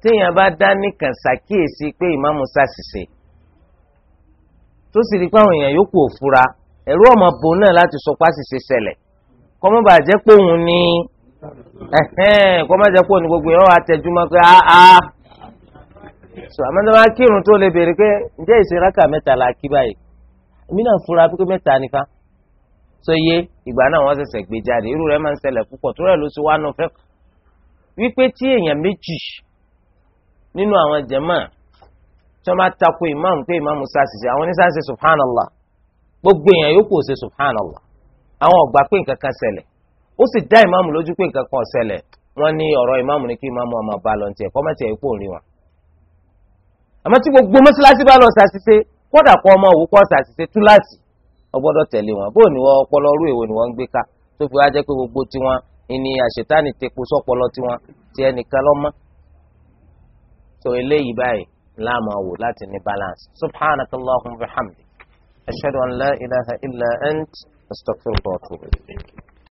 téèyàn bá dá nìkan ṣàkíyèsí pé ìmáàmù ṣàṣìṣe tó sì rí pé àwọn èèyàn yòókù òfura ẹ̀rú ọmọ bò náà láti sọ pàṣìṣe ṣẹlẹ̀ kọ́mọ́ bàá jẹ́ pé òun ni kọ́mọ́ jẹ́ pé òun ni gbogbo yẹn wà pé áá so àmọ́tọ́mọ́ kírun tó lè béèrè pé ǹjẹ́ ìṣe rákà mẹ́ta la kí báyìí èmi náà fura pé mẹ́ta nìkan so yé ìgbà náà wọ́n ṣẹ̀ṣẹ̀ gbé jáde irú rẹ̀ máa ń ṣẹlẹ̀ púpọ̀ tó rẹ̀ ló sì wá nù fẹ́ wípé tí èèyàn méjì nínú àwọn jàmá tí wọ́n bá tako ìmáàmù pé ìmáàmù sàṣìṣe àwọn oníṣàṣe subhanallah gbogbo èèyàn yòókù ṣe subhanallah àwọn ọ̀gbà pé nǹkan kan ṣẹlẹ̀ ó sì dá ìmáàmù lójú pé nǹkan kan ṣẹlẹ̀ wọ́n ní ọ̀rọ̀ ìmáàmù ni kí ìmáàmù ọmọ bá lọ tiẹ̀ kọ́ mẹ́tẹ̀ẹ́ ipò rí wọn. àmọ́ tí gbogbo mọ́ṣáláṣí bá lọ ṣàṣìṣe kódà kó ọmọ òwú kọ́ ṣàṣìṣe túláàsì ọgbọ́dọ̀ tẹ̀lé wọn bó ni wọ́n ọpọlọ rú èwo ni wọ́n ń gbé ká tó fi wá jẹ́ pé gbogbo tiwọn ìní àṣetánì tepo sọpọlọ tiwọn tí ẹnìkan lọ́mọ. tó eléyìí báyìí láàmú àwò láti ní balance subhanaka allahumma wa bihamdi ashhadu an la ilaha illa ant astaghfiruka wa atubu ilayk.